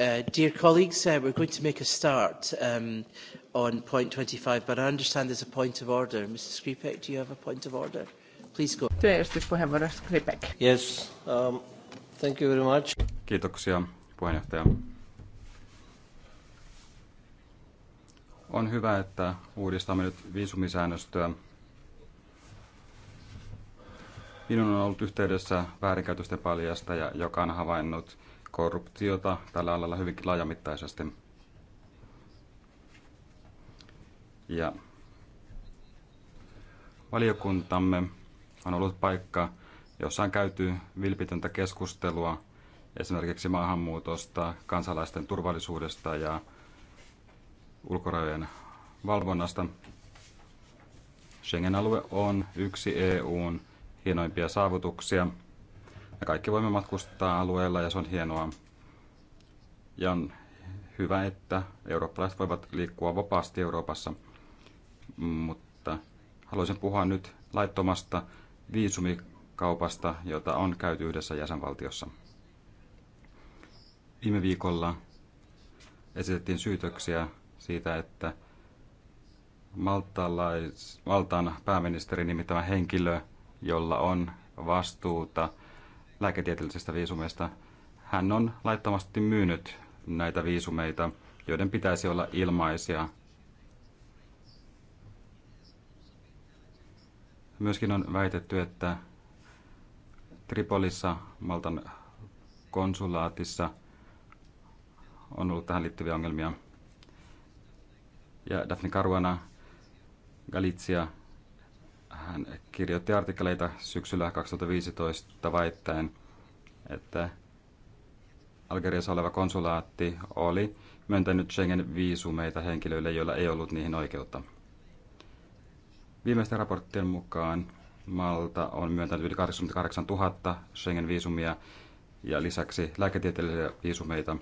Uh, dear colleagues, uh, we're going to make a start um, on point 25, but I understand there's a point of order. Mr. Skripek, do you have a point of order? Please go. Yes, um, thank you very much. Kiitoksia, puheenjohtaja. On hyvä, että uudistamme nyt viisumisäännöstöä. Minun on ollut yhteydessä väärinkäytösten paljastaja, joka on havainnut – korruptiota tällä alalla hyvinkin laajamittaisesti. Ja valiokuntamme on ollut paikka, jossa on käyty vilpitöntä keskustelua esimerkiksi maahanmuutosta, kansalaisten turvallisuudesta ja ulkorajojen valvonnasta. Schengen-alue on yksi EUn hienoimpia saavutuksia – me kaikki voimme matkustaa alueella ja se on hienoa. Ja on hyvä, että eurooppalaiset voivat liikkua vapaasti Euroopassa, mutta haluaisin puhua nyt laittomasta viisumikaupasta, jota on käyty yhdessä jäsenvaltiossa. Viime viikolla esitettiin syytöksiä siitä, että Maltalais, Maltaan pääministeri nimittämä henkilö, jolla on vastuuta lääketieteellisestä viisumeista. Hän on laittomasti myynyt näitä viisumeita, joiden pitäisi olla ilmaisia. Myöskin on väitetty, että Tripolissa, Maltan konsulaatissa, on ollut tähän liittyviä ongelmia. Ja Daphne Caruana, Galizia hän kirjoitti artikkeleita syksyllä 2015 väittäen, että Algeriassa oleva konsulaatti oli myöntänyt Schengen-viisumeita henkilöille, joilla ei ollut niihin oikeutta. Viimeisten raporttien mukaan Malta on myöntänyt yli 88 000 Schengen-viisumia ja lisäksi lääketieteellisiä viisumeita.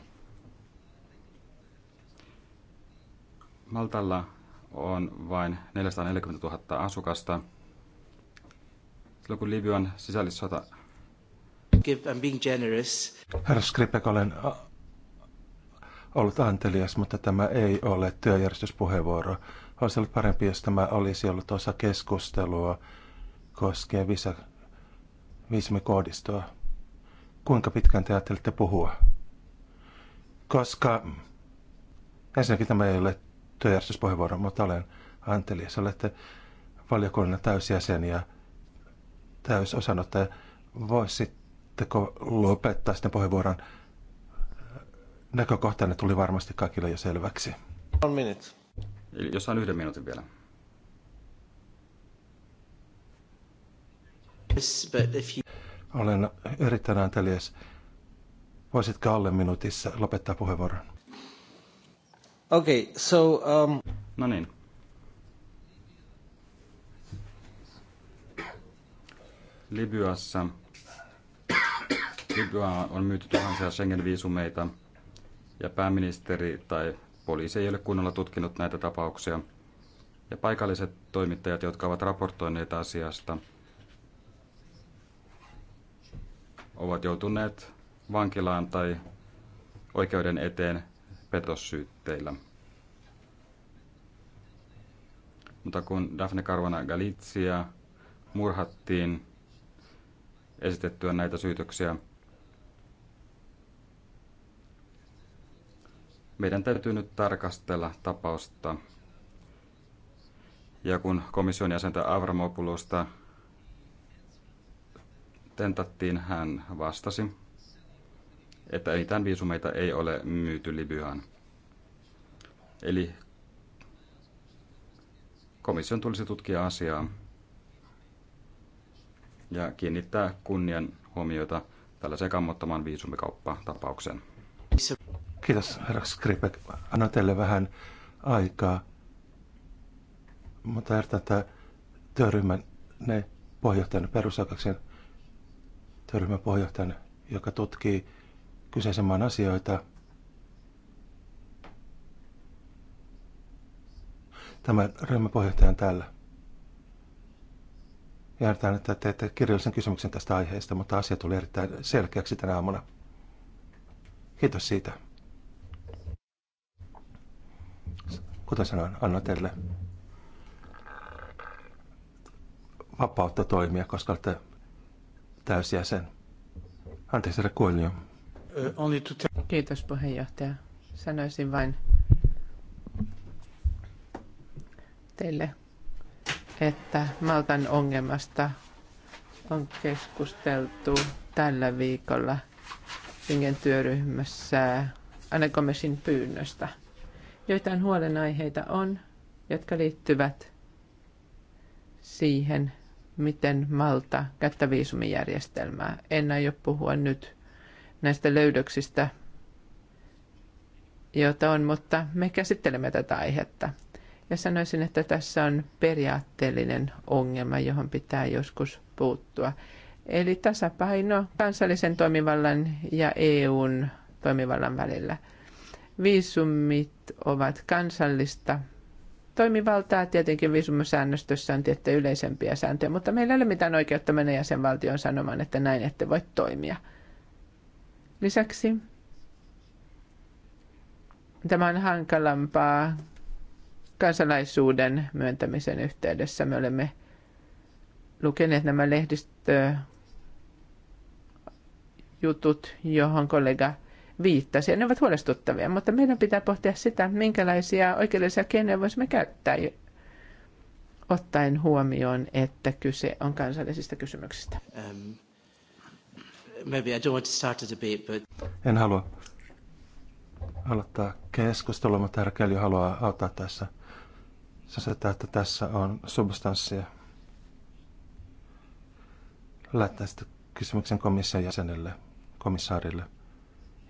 Maltalla on vain 440 000 asukasta silloin kun Libyan sisällissota... I'm being generous. Herra Skripek, olen ollut antelias, mutta tämä ei ole työjärjestyspuheenvuoro. Olisi ollut parempi, jos tämä olisi ollut osa keskustelua koskien visa, viisumikoodistoa. Kuinka pitkään te ajattelette puhua? Koska ensinnäkin tämä ei ole työjärjestyspuheenvuoro, mutta olen antelias. Olette valiokunnan täysjäseniä täysosanottaja. Voisitteko lopettaa sitten puheenvuoron? Näkökohtainen tuli varmasti kaikille jo selväksi. One minute. Jos saan yhden minuutin vielä. Olen erittäin antelias. Voisitko alle minuutissa lopettaa puheenvuoron? Okei, okay, so... Um... No niin, Libyassa. Libya on myyty tuhansia Schengen-viisumeita ja pääministeri tai poliisi ei ole kunnolla tutkinut näitä tapauksia. Ja paikalliset toimittajat, jotka ovat raportoineet asiasta, ovat joutuneet vankilaan tai oikeuden eteen petossyytteillä. Mutta kun Daphne Caruana Galizia murhattiin esitettyä näitä syytöksiä. Meidän täytyy nyt tarkastella tapausta. Ja kun komission jäsentä avramopulusta tentattiin, hän vastasi, että mitään viisumeita ei ole myyty Libyaan. Eli komission tulisi tutkia asiaa ja kiinnittää kunnian huomiota tällaiseen kammottamaan viisumikauppatapaukseen. Kiitos, herra Skripek. Anna teille vähän aikaa. Mutta herra, tämä työryhmän ne puheenjohtajana, perusoikeuksien työryhmän puheenjohtajana, joka tutkii kyseisen maan asioita. Tämä ryhmän puheenjohtaja on täällä. Ymmärtään, että teette kirjallisen kysymyksen tästä aiheesta, mutta asia tuli erittäin selkeäksi tänä aamuna. Kiitos siitä. Kuten sanoin, annan teille vapautta toimia, koska olette täysjäsen. Anteeksi, herra Kuolio. Uh, Kiitos puheenjohtaja. Sanoisin vain teille että Maltan ongelmasta on keskusteltu tällä viikolla Ingen työryhmässä Anne Gomesin pyynnöstä. Joitain huolenaiheita on, jotka liittyvät siihen, miten Malta käyttää viisumijärjestelmää. En aio puhua nyt näistä löydöksistä, joita on, mutta me käsittelemme tätä aihetta. Ja sanoisin, että tässä on periaatteellinen ongelma, johon pitää joskus puuttua. Eli tasapaino kansallisen toimivallan ja EUn toimivallan välillä. Viisumit ovat kansallista toimivaltaa. Tietenkin viisumisäännöstössä on tiettyjä yleisempiä sääntöjä, mutta meillä ei ole mitään oikeutta mennä jäsenvaltion sanomaan, että näin ette voi toimia. Lisäksi tämä on hankalampaa kansalaisuuden myöntämisen yhteydessä. Me olemme lukeneet nämä lehdistöjutut, johon kollega viittasi. Ja ne ovat huolestuttavia, mutta meidän pitää pohtia sitä, minkälaisia oikeudellisia keinoja voisimme käyttää, ottaen huomioon, että kyse on kansallisista kysymyksistä. Um, en halua aloittaa keskustelua, mutta herra Kelly haluaa auttaa tässä sanotaan, että tässä on substanssia. Lähettäen sitten kysymyksen komission jäsenelle, komissaarille.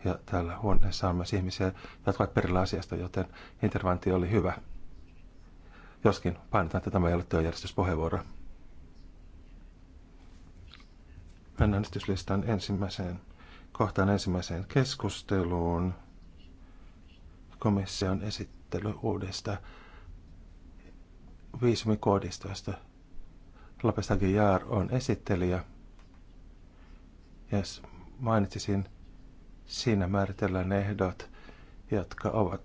Ja täällä huoneessa on myös ihmisiä, jotka ovat perillä asiasta, joten interventio oli hyvä. Joskin painotan, että tämä ei ole työjärjestyspuheenvuoro. Mennään äänestyslistan ensimmäiseen kohtaan ensimmäiseen keskusteluun. Komission esittely uudesta viisumikoodistoista. Lopes Aguilar on esittelijä. Ja yes, mainitsisin, siinä määritellään ehdot, jotka ovat,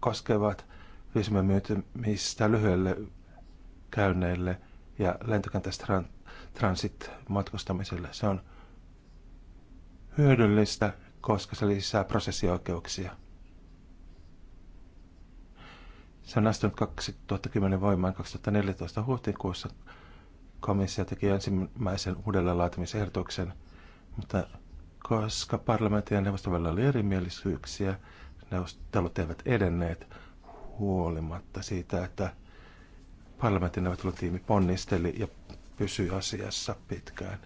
koskevat viisumien myyntimistä lyhyelle käynneille ja lentokentästä transit matkustamiselle. Se on hyödyllistä, koska se lisää prosessioikeuksia. Se on astunut 2010 voimaan 2014 huhtikuussa. Komissio teki ensimmäisen uudelleenlaatimisehdotuksen, mutta koska parlamentin ja neuvoston välillä oli erimielisyyksiä, neuvottelut eivät edenneet huolimatta siitä, että parlamentin neuvottelutiimi ponnisteli ja pysyi asiassa pitkään.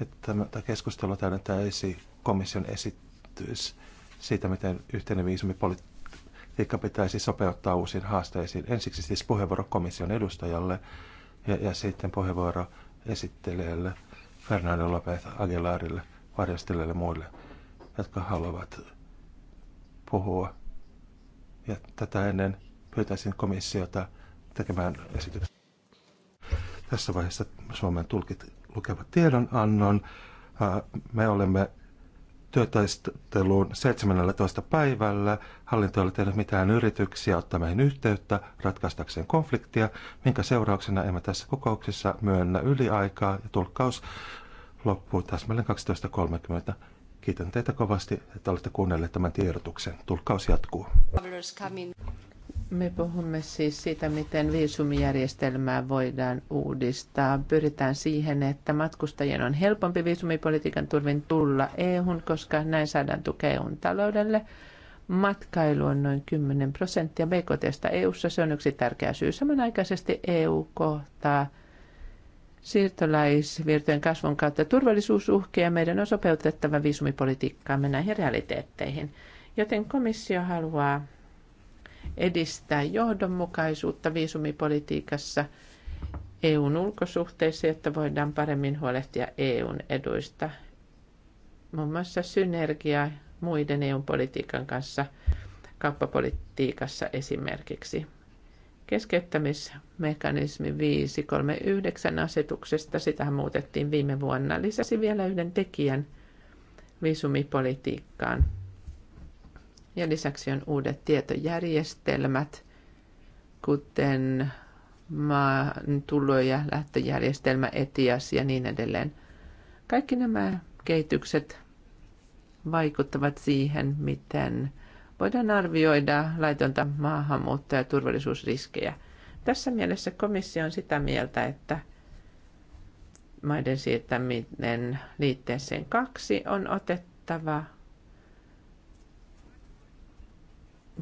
Että tämä keskustelu täydentää esi komission esitys siitä, miten yhteinen viisumipolitiikka politiikka pitäisi sopeuttaa uusiin haasteisiin. Ensiksi siis puheenvuoro komission edustajalle ja, ja sitten puheenvuoro esittelijälle Fernando Lopez Aguilarille, ja muille, jotka haluavat puhua. Ja tätä ennen pyytäisin komissiota tekemään esityksen. Tässä vaiheessa Suomen tulkit lukevat tiedonannon. Me olemme työtaisteluun 17. päivällä. Hallinto ei ole tehnyt mitään yrityksiä ottaa meihin yhteyttä ratkaistakseen konfliktia, minkä seurauksena emme tässä kokouksessa myönnä yliaikaa ja tulkkaus loppuu täsmälleen 12.30. Kiitän teitä kovasti, että olette kuunnelleet tämän tiedotuksen. Tulkkaus jatkuu. Me puhumme siis siitä, miten viisumijärjestelmää voidaan uudistaa. Pyritään siihen, että matkustajien on helpompi viisumipolitiikan turvin tulla EU:hun, koska näin saadaan tukea EUn taloudelle. Matkailu on noin 10 prosenttia BKTstä EUssa. Se on yksi tärkeä syy. Samanaikaisesti EU kohtaa siirtolaisvirtojen kasvun kautta turvallisuusuhkia. Meidän on sopeutettava viisumipolitiikkaamme näihin realiteetteihin. Joten komissio haluaa edistää johdonmukaisuutta viisumipolitiikassa EUn ulkosuhteissa, jotta voidaan paremmin huolehtia EUn eduista. Muun muassa synergiaa muiden EUn politiikan kanssa, kauppapolitiikassa esimerkiksi. Keskeyttämismekanismi 539 asetuksesta, sitä muutettiin viime vuonna, lisäsi vielä yhden tekijän viisumipolitiikkaan – ja lisäksi on uudet tietojärjestelmät, kuten maan tulo- ja lähtöjärjestelmä, ETIAS ja niin edelleen. Kaikki nämä kehitykset vaikuttavat siihen, miten voidaan arvioida laitonta maahanmuutta ja turvallisuusriskejä. Tässä mielessä komissio on sitä mieltä, että maiden siirtäminen liitteeseen kaksi on otettava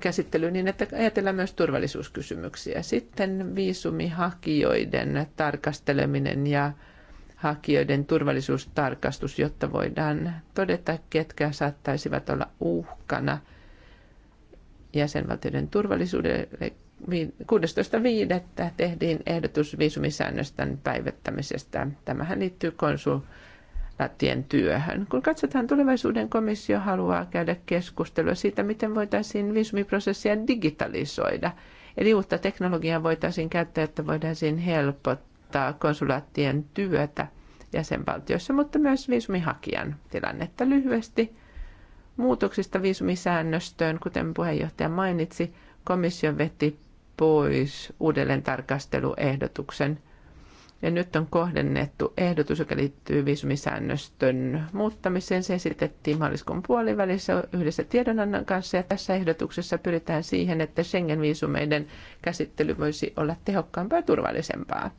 käsittelyyn niin, että ajatellaan myös turvallisuuskysymyksiä. Sitten viisumihakijoiden tarkasteleminen ja hakijoiden turvallisuustarkastus, jotta voidaan todeta, ketkä saattaisivat olla uhkana jäsenvaltioiden turvallisuudelle. 16.5. tehtiin ehdotus viisumisäännöstön päivittämisestä. Tämähän liittyy konsul- lattien työhön. Kun katsotaan tulevaisuuden komissio haluaa käydä keskustelua siitä, miten voitaisiin viisumiprosessia digitalisoida. Eli uutta teknologiaa voitaisiin käyttää, että voitaisiin helpottaa konsulaattien työtä jäsenvaltioissa, mutta myös viisumihakijan tilannetta lyhyesti. Muutoksista viisumisäännöstöön, kuten puheenjohtaja mainitsi, komissio veti pois uudelleen tarkasteluehdotuksen – ja nyt on kohdennettu ehdotus, joka liittyy viisumisäännöstön muuttamiseen. Se esitettiin maaliskuun puolivälissä yhdessä tiedonannon kanssa. Ja tässä ehdotuksessa pyritään siihen, että Schengen-viisumeiden käsittely voisi olla tehokkaampaa ja turvallisempaa.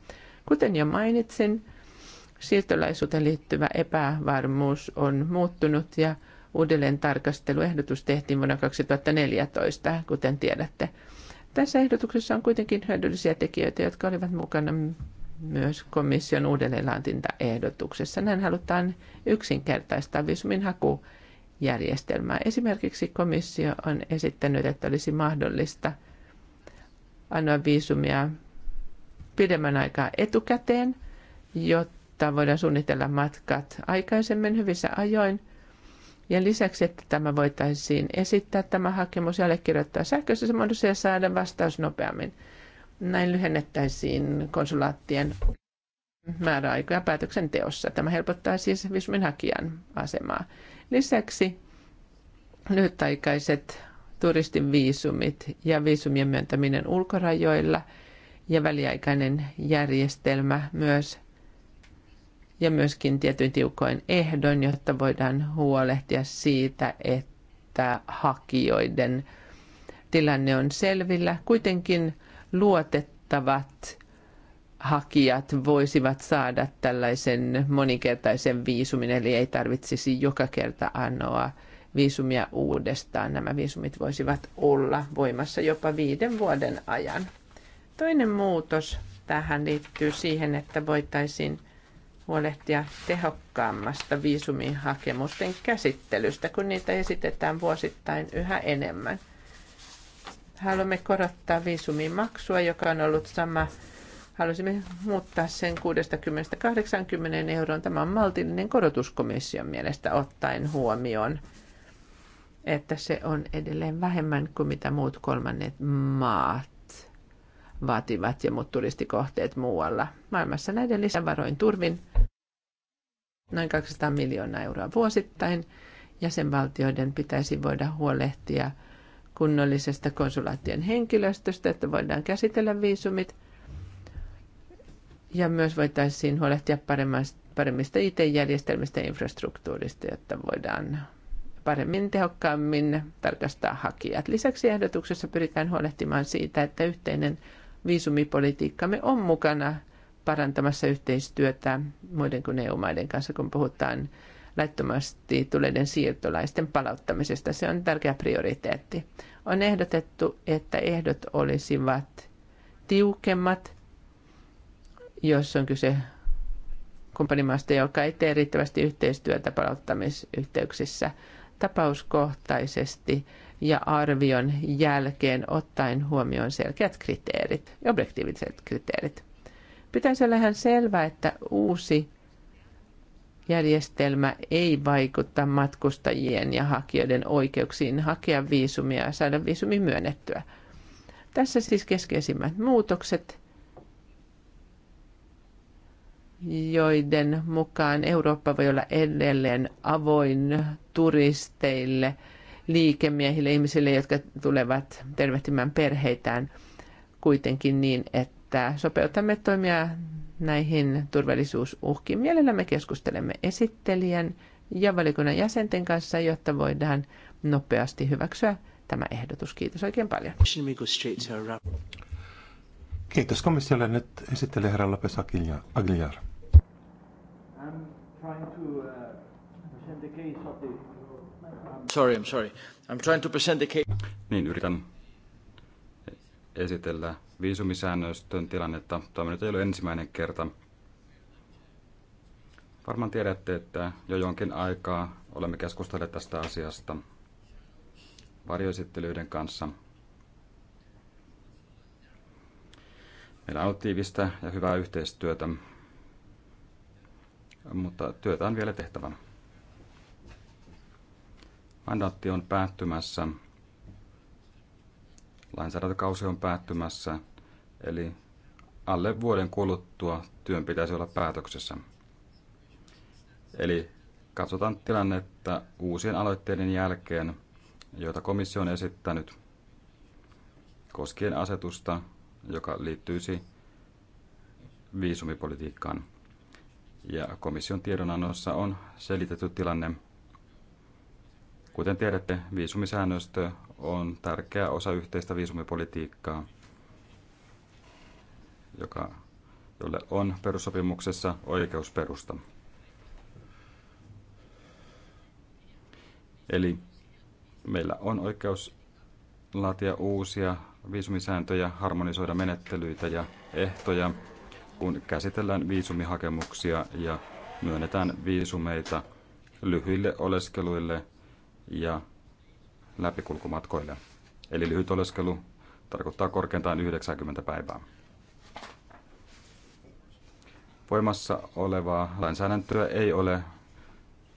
Kuten jo mainitsin, siirtolaisuuteen liittyvä epävarmuus on muuttunut ja uudelleen tarkasteluehdotus tehtiin vuonna 2014, kuten tiedätte. Tässä ehdotuksessa on kuitenkin hyödyllisiä tekijöitä, jotka olivat mukana myös komission uudelleenlaatintaehdotuksessa. Näin halutaan yksinkertaistaa visumin hakujärjestelmää. Esimerkiksi komissio on esittänyt, että olisi mahdollista annoa viisumia pidemmän aikaa etukäteen, jotta voidaan suunnitella matkat aikaisemmin hyvissä ajoin. Ja lisäksi, että tämä voitaisiin esittää tämä hakemus ja allekirjoittaa sähköisessä muodossa ja saada vastaus nopeammin. Näin lyhennettäisiin konsulaattien määräaikoja päätöksenteossa. Tämä helpottaa siis visumin hakijan asemaa. Lisäksi lyhytaikaiset turistin viisumit ja viisumien myöntäminen ulkorajoilla ja väliaikainen järjestelmä myös ja myöskin tietyin tiukoin ehdoin, jotta voidaan huolehtia siitä, että hakijoiden tilanne on selvillä. Kuitenkin luotettavat hakijat voisivat saada tällaisen moninkertaisen viisumin, eli ei tarvitsisi joka kerta anoa viisumia uudestaan. Nämä viisumit voisivat olla voimassa jopa viiden vuoden ajan. Toinen muutos tähän liittyy siihen, että voitaisiin huolehtia tehokkaammasta viisumihakemusten käsittelystä, kun niitä esitetään vuosittain yhä enemmän – Haluamme korottaa maksua, joka on ollut sama. Halusimme muuttaa sen 60-80 euroon. Tämä on maltillinen korotus komission mielestä ottaen huomioon, että se on edelleen vähemmän kuin mitä muut kolmannet maat vaativat ja muut turistikohteet muualla. Maailmassa näiden lisävaroin turvin noin 200 miljoonaa euroa vuosittain. Jäsenvaltioiden pitäisi voida huolehtia – kunnollisesta konsulaattien henkilöstöstä, että voidaan käsitellä viisumit. Ja myös voitaisiin huolehtia paremmista IT-järjestelmistä ja infrastruktuurista, jotta voidaan paremmin tehokkaammin tarkastaa hakijat. Lisäksi ehdotuksessa pyritään huolehtimaan siitä, että yhteinen viisumipolitiikkamme on mukana parantamassa yhteistyötä muiden kuin EU-maiden kanssa, kun puhutaan laittomasti tuleiden siirtolaisten palauttamisesta. Se on tärkeä prioriteetti. On ehdotettu, että ehdot olisivat tiukemmat, jos on kyse kumppanimaasta, joka ei tee riittävästi yhteistyötä palauttamisyhteyksissä tapauskohtaisesti ja arvion jälkeen ottaen huomioon selkeät kriteerit, objektiiviset kriteerit. Pitäisi olla ihan selvää, että uusi järjestelmä ei vaikuta matkustajien ja hakijoiden oikeuksiin hakea viisumia ja saada viisumi myönnettyä. Tässä siis keskeisimmät muutokset, joiden mukaan Eurooppa voi olla edelleen avoin turisteille, liikemiehille, ihmisille, jotka tulevat tervehtimään perheitään kuitenkin niin, että sopeutamme toimia näihin turvallisuusuhkiin. Mielellämme keskustelemme esittelijän ja valikunnan jäsenten kanssa, jotta voidaan nopeasti hyväksyä tämä ehdotus. Kiitos oikein paljon. Kiitos komissiolle. Nyt esittelee herra Lopes Aguilar. Sorry, I'm sorry. I'm trying to present the case. Niin, yritän esitellä viisumisäännöstön tilannetta. Tämä nyt ei ole ensimmäinen kerta. Varmaan tiedätte, että jo jonkin aikaa olemme keskustelleet tästä asiasta varjoesittelyiden kanssa. Meillä on tiivistä ja hyvää yhteistyötä, mutta työtä on vielä tehtävä. Mandaatti on päättymässä lainsäädäntökausi on päättymässä, eli alle vuoden kuluttua työn pitäisi olla päätöksessä. Eli katsotaan tilannetta uusien aloitteiden jälkeen, joita komissio on esittänyt koskien asetusta, joka liittyisi viisumipolitiikkaan. Ja komission tiedonannossa on selitetty tilanne. Kuten tiedätte, viisumisäännöstö on tärkeä osa yhteistä viisumipolitiikkaa, joka, jolle on perussopimuksessa oikeusperusta. Eli meillä on oikeus laatia uusia viisumisääntöjä, harmonisoida menettelyitä ja ehtoja, kun käsitellään viisumihakemuksia ja myönnetään viisumeita lyhyille oleskeluille ja läpikulkumatkoille. Eli lyhyt oleskelu tarkoittaa korkeintaan 90 päivää. Voimassa olevaa lainsäädäntöä ei ole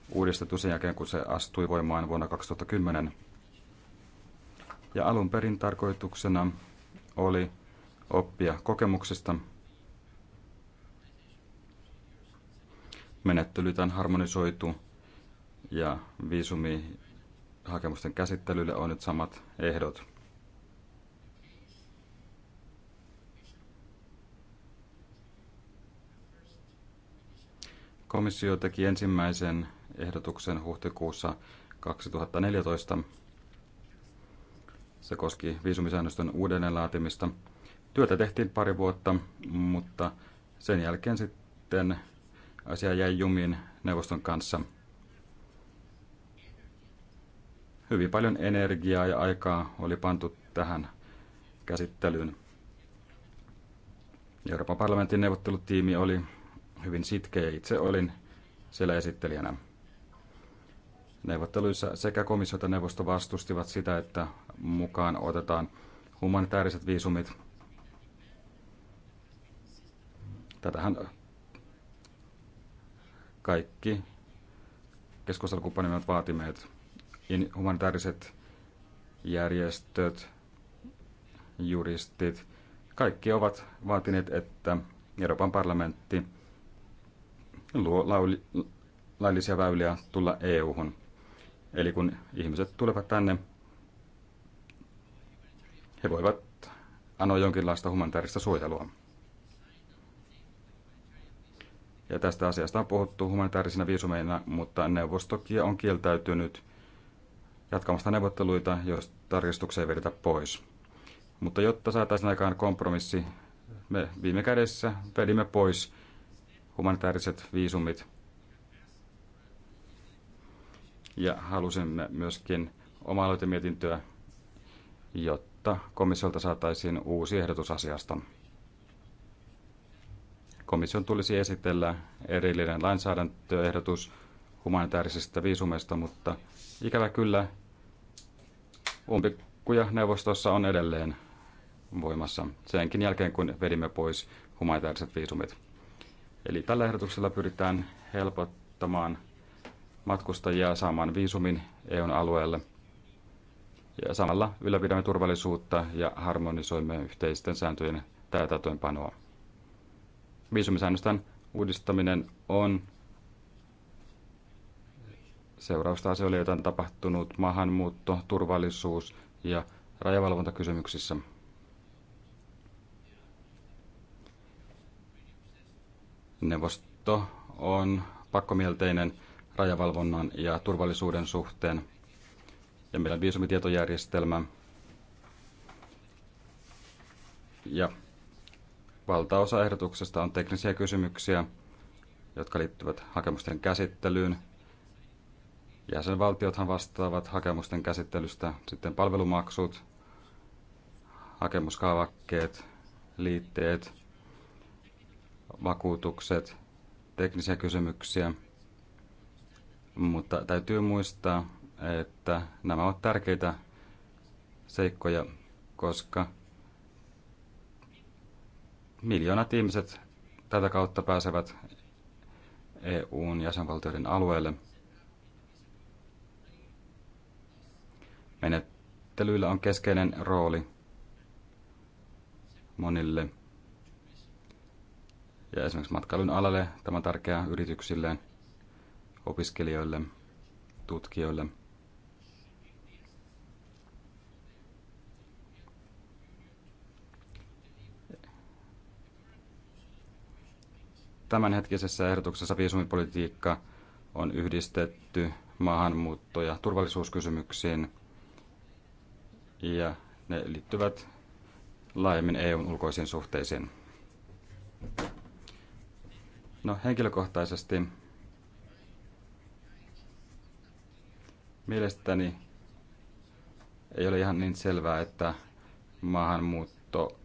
uudistettu sen jälkeen, kun se astui voimaan vuonna 2010. Ja alun perin tarkoituksena oli oppia kokemuksista. Menettelytään harmonisoitu ja viisumi hakemusten käsittelylle on nyt samat ehdot. Komissio teki ensimmäisen ehdotuksen huhtikuussa 2014. Se koski viisumisäännöstön uudelleenlaatimista. Työtä tehtiin pari vuotta, mutta sen jälkeen sitten asia jäi jumiin neuvoston kanssa – hyvin paljon energiaa ja aikaa oli pantu tähän käsittelyyn. Euroopan parlamentin neuvottelutiimi oli hyvin sitkeä ja itse olin siellä esittelijänä. Neuvotteluissa sekä komissio että neuvosto vastustivat sitä, että mukaan otetaan humanitaariset viisumit. Tätähän kaikki keskustelukumppanimme ovat vaatineet humanitaariset järjestöt, juristit, kaikki ovat vaatineet, että Euroopan parlamentti luo lauli, laillisia väyliä tulla EU-hun. Eli kun ihmiset tulevat tänne, he voivat anoa jonkinlaista humanitaarista suojelua. Ja tästä asiasta on puhuttu humanitaarisina viisumeina, mutta neuvostokia on kieltäytynyt jatkamasta neuvotteluita, jos tarkistuksia ei vedetä pois. Mutta jotta saataisiin aikaan kompromissi, me viime kädessä vedimme pois humanitaariset viisumit. Ja halusimme myöskin oma aloitemietintöä, jotta komissiolta saataisiin uusi ehdotus asiasta. Komission tulisi esitellä erillinen lainsäädäntöehdotus humanitaarisista viisumeista, mutta ikävä kyllä umpikuja neuvostossa on edelleen voimassa senkin jälkeen, kun vedimme pois humanitaariset viisumit. Eli tällä ehdotuksella pyritään helpottamaan matkustajia saamaan viisumin EUn alueelle. Ja samalla ylläpidämme turvallisuutta ja harmonisoimme yhteisten sääntöjen täytäntöönpanoa. Viisumisäännösten uudistaminen on Seurausta asioille, on tapahtunut maahanmuutto, turvallisuus ja rajavalvontakysymyksissä. Neuvosto on pakkomielteinen rajavalvonnan ja turvallisuuden suhteen. Ja meillä on viisumitietojärjestelmä. Ja valtaosa ehdotuksesta on teknisiä kysymyksiä, jotka liittyvät hakemusten käsittelyyn, Jäsenvaltiothan vastaavat hakemusten käsittelystä, sitten palvelumaksut, hakemuskaavakkeet, liitteet, vakuutukset, teknisiä kysymyksiä. Mutta täytyy muistaa, että nämä ovat tärkeitä seikkoja, koska miljoonat ihmiset tätä kautta pääsevät EUn jäsenvaltioiden alueelle – Menettelyillä on keskeinen rooli monille ja esimerkiksi matkailun alalle tämä on tärkeää yrityksille, opiskelijoille, tutkijoille. Tämänhetkisessä ehdotuksessa viisumipolitiikka on yhdistetty maahanmuutto- ja turvallisuuskysymyksiin ja ne liittyvät laajemmin EUn ulkoisiin suhteisiin. No henkilökohtaisesti mielestäni ei ole ihan niin selvää, että maahanmuutto,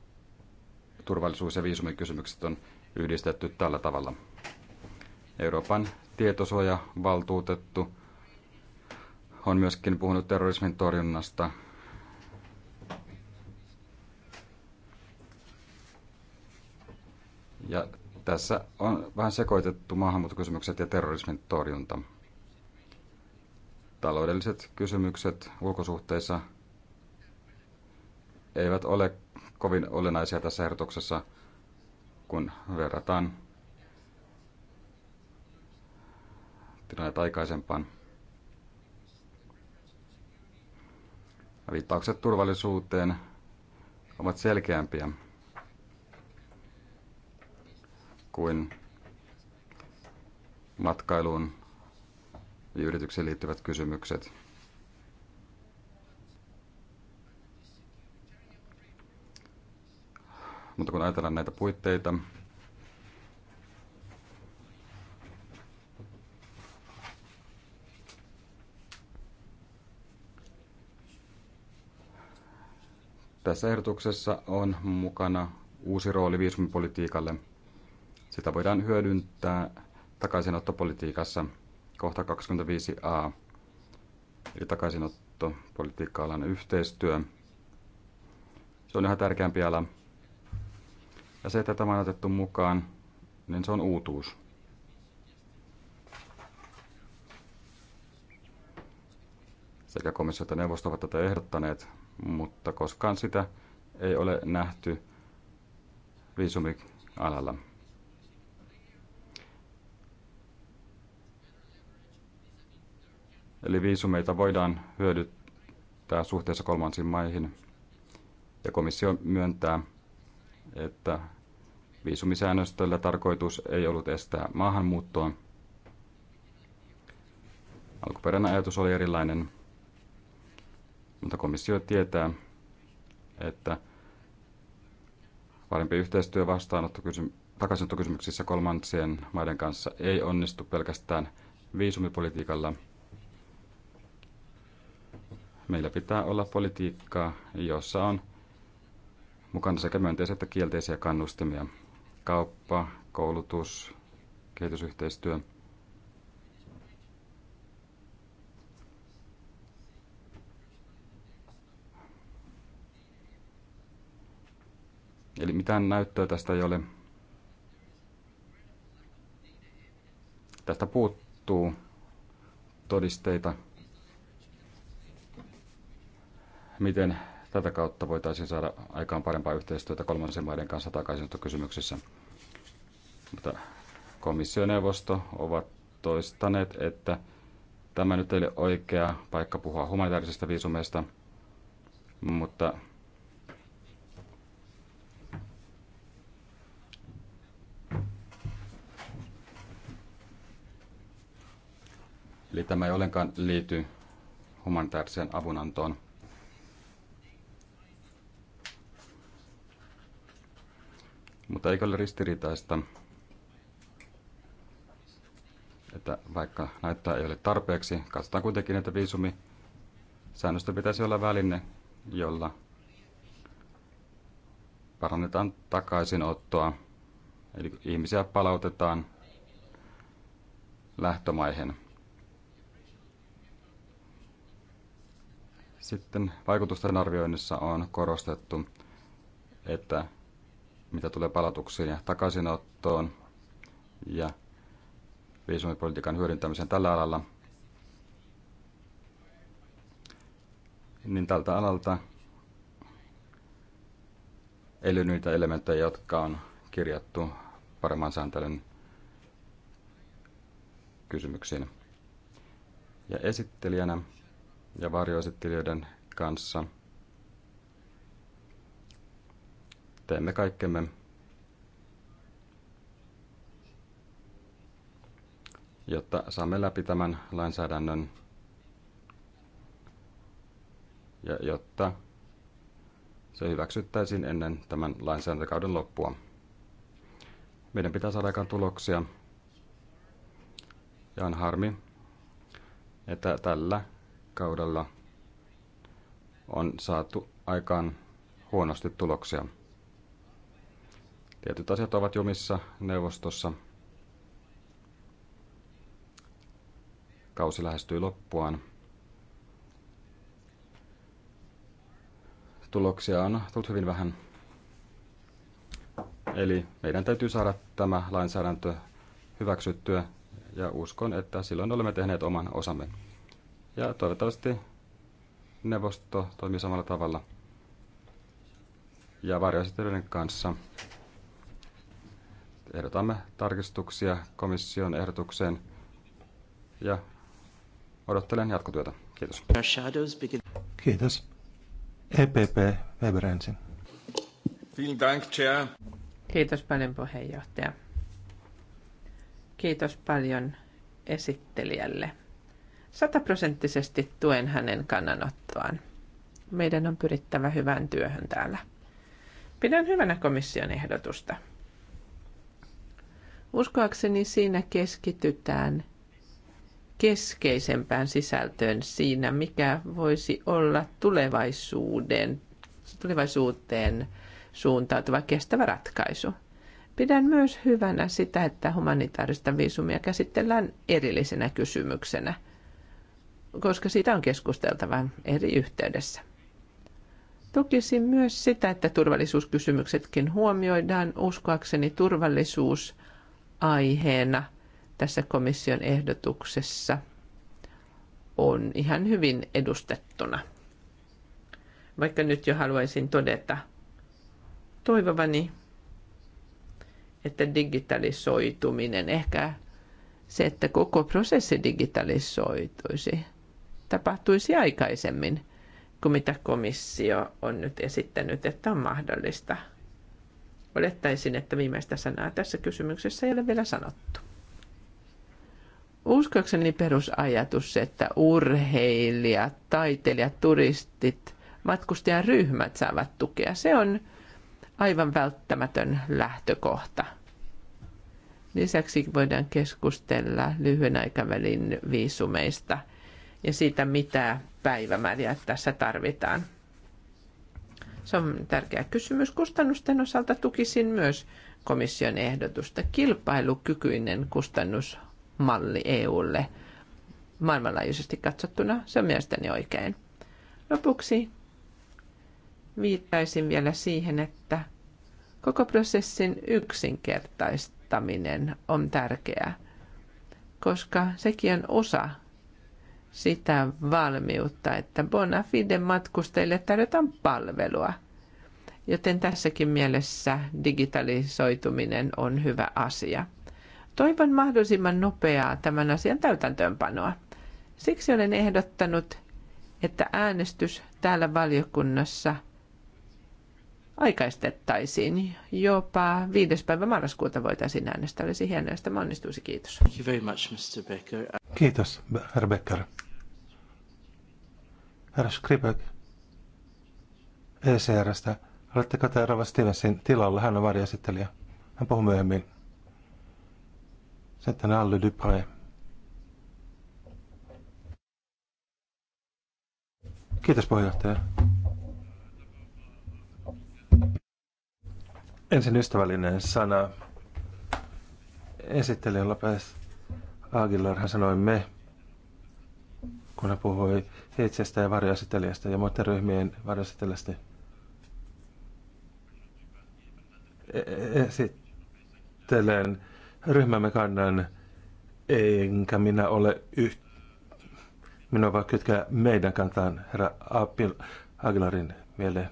turvallisuus ja viisumikysymykset on yhdistetty tällä tavalla. Euroopan tietosuojavaltuutettu on myöskin puhunut terrorismin torjunnasta – Ja tässä on vähän sekoitettu maahanmuuttokysymykset ja terrorismin torjunta. Taloudelliset kysymykset ulkosuhteissa eivät ole kovin olennaisia tässä ehdotuksessa, kun verrataan tilannetta aikaisempaan. Viittaukset turvallisuuteen ovat selkeämpiä. kuin matkailuun ja yritykseen liittyvät kysymykset. Mutta kun ajatellaan näitä puitteita, Tässä ehdotuksessa on mukana uusi rooli viisumipolitiikalle – sitä voidaan hyödyntää takaisinottopolitiikassa kohta 25a, eli takaisinottopolitiikka-alan yhteistyö. Se on yhä tärkeämpi ala. Ja se, että tämä on otettu mukaan, niin se on uutuus. Sekä komissio että neuvosto ovat tätä ehdottaneet, mutta koskaan sitä ei ole nähty viisumialalla. alalla Eli viisumeita voidaan hyödyttää suhteessa kolmansiin maihin. Ja komissio myöntää, että viisumisäännöstöllä tarkoitus ei ollut estää maahanmuuttoa. Alkuperäinen ajatus oli erilainen, mutta komissio tietää, että parempi yhteistyö takaisinottokysymyksissä kolmansien maiden kanssa ei onnistu pelkästään viisumipolitiikalla – Meillä pitää olla politiikkaa, jossa on mukana sekä myönteisiä että kielteisiä kannustimia. Kauppa, koulutus, kehitysyhteistyö. Eli mitään näyttöä tästä ei ole. Tästä puuttuu todisteita miten tätä kautta voitaisiin saada aikaan parempaa yhteistyötä kolmansien maiden kanssa takaisinottokysymyksissä. Mutta komissioneuvosto ovat toistaneet, että tämä nyt ei ole oikea paikka puhua humanitaarisesta viisumeista, mutta Eli tämä ei ollenkaan liity humanitaariseen avunantoon. Mutta eikö ole ristiriitaista, että vaikka näyttää ei ole tarpeeksi, katsotaan kuitenkin, että viisumi säännöstä pitäisi olla väline, jolla parannetaan takaisinottoa, eli ihmisiä palautetaan lähtömaihin. Sitten vaikutusten arvioinnissa on korostettu, että mitä tulee palautuksiin ja takaisinottoon ja viisumipolitiikan hyödyntämisen tällä alalla, niin tältä alalta ei niitä elementtejä, jotka on kirjattu paremman sääntelyn kysymyksiin. Ja esittelijänä ja varjoesittelijöiden kanssa Teemme kaikkemme. jotta saamme läpi tämän lainsäädännön ja jotta se hyväksyttäisiin ennen tämän lainsäädäntökauden loppua. Meidän pitää saada aikaan tuloksia ja on harmi, että tällä kaudella on saatu aikaan huonosti tuloksia. Tietyt asiat ovat jumissa neuvostossa. Kausi lähestyy loppuaan. Tuloksia on tullut hyvin vähän. Eli meidän täytyy saada tämä lainsäädäntö hyväksyttyä ja uskon, että silloin olemme tehneet oman osamme. Ja toivottavasti neuvosto toimii samalla tavalla ja varjoesittelyiden kanssa ehdotamme tarkistuksia komission ehdotukseen ja odottelen jatkotyötä. Kiitos. Kiitos. EPP Weber ensin. Kiitos paljon puheenjohtaja. Kiitos paljon esittelijälle. Sataprosenttisesti tuen hänen kannanottoaan. Meidän on pyrittävä hyvään työhön täällä. Pidän hyvänä komission ehdotusta – Uskoakseni siinä keskitytään keskeisempään sisältöön siinä, mikä voisi olla tulevaisuuden, tulevaisuuteen suuntautuva kestävä ratkaisu. Pidän myös hyvänä sitä, että humanitaarista viisumia käsitellään erillisenä kysymyksenä, koska siitä on keskusteltava eri yhteydessä. Tukisin myös sitä, että turvallisuuskysymyksetkin huomioidaan. Uskoakseni turvallisuus aiheena tässä komission ehdotuksessa on ihan hyvin edustettuna. Vaikka nyt jo haluaisin todeta toivovani, että digitalisoituminen, ehkä se, että koko prosessi digitalisoituisi, tapahtuisi aikaisemmin kuin mitä komissio on nyt esittänyt, että on mahdollista – Olettaisin, että viimeistä sanaa tässä kysymyksessä ei ole vielä sanottu. Uskokseni perusajatus, että urheilijat, taiteilijat, turistit, matkustajaryhmät saavat tukea, se on aivan välttämätön lähtökohta. Lisäksi voidaan keskustella lyhyen aikavälin viisumeista ja siitä, mitä päivämääriä tässä tarvitaan. Se on tärkeä kysymys. Kustannusten osalta tukisin myös komission ehdotusta. Kilpailukykyinen kustannusmalli EUlle maailmanlaajuisesti katsottuna, se on mielestäni oikein. Lopuksi viittaisin vielä siihen, että koko prosessin yksinkertaistaminen on tärkeää, koska sekin on osa sitä valmiutta, että bona fide matkustajille tarjotaan palvelua. Joten tässäkin mielessä digitalisoituminen on hyvä asia. Toivon mahdollisimman nopeaa tämän asian täytäntöönpanoa. Siksi olen ehdottanut, että äänestys täällä valiokunnassa aikaistettaisiin. Jopa 5. päivä marraskuuta voitaisiin äänestää. Olisi hienoa, että onnistuisi. Kiitos. Thank you very much, Mr. Becker. Kiitos, herra Becker. Herra Skripek ECRstä. Oletteko te Rava Stevensin tilalla? Hän on varjaesittelijä. Hän puhuu myöhemmin. Sitten Ally Dupré. Kiitos puheenjohtaja. Ensin ystävällinen sana esittelijä Lopez hän sanoi me, kun hän puhui Heitsestä ja varjoasettelijasta ja muiden ryhmien varjoasettelijasta. E-, e-, esittelen ryhmämme kannan, enkä minä ole yht... Minua vaan kytkää meidän kantaan herra Apil Aguilarin mieleen.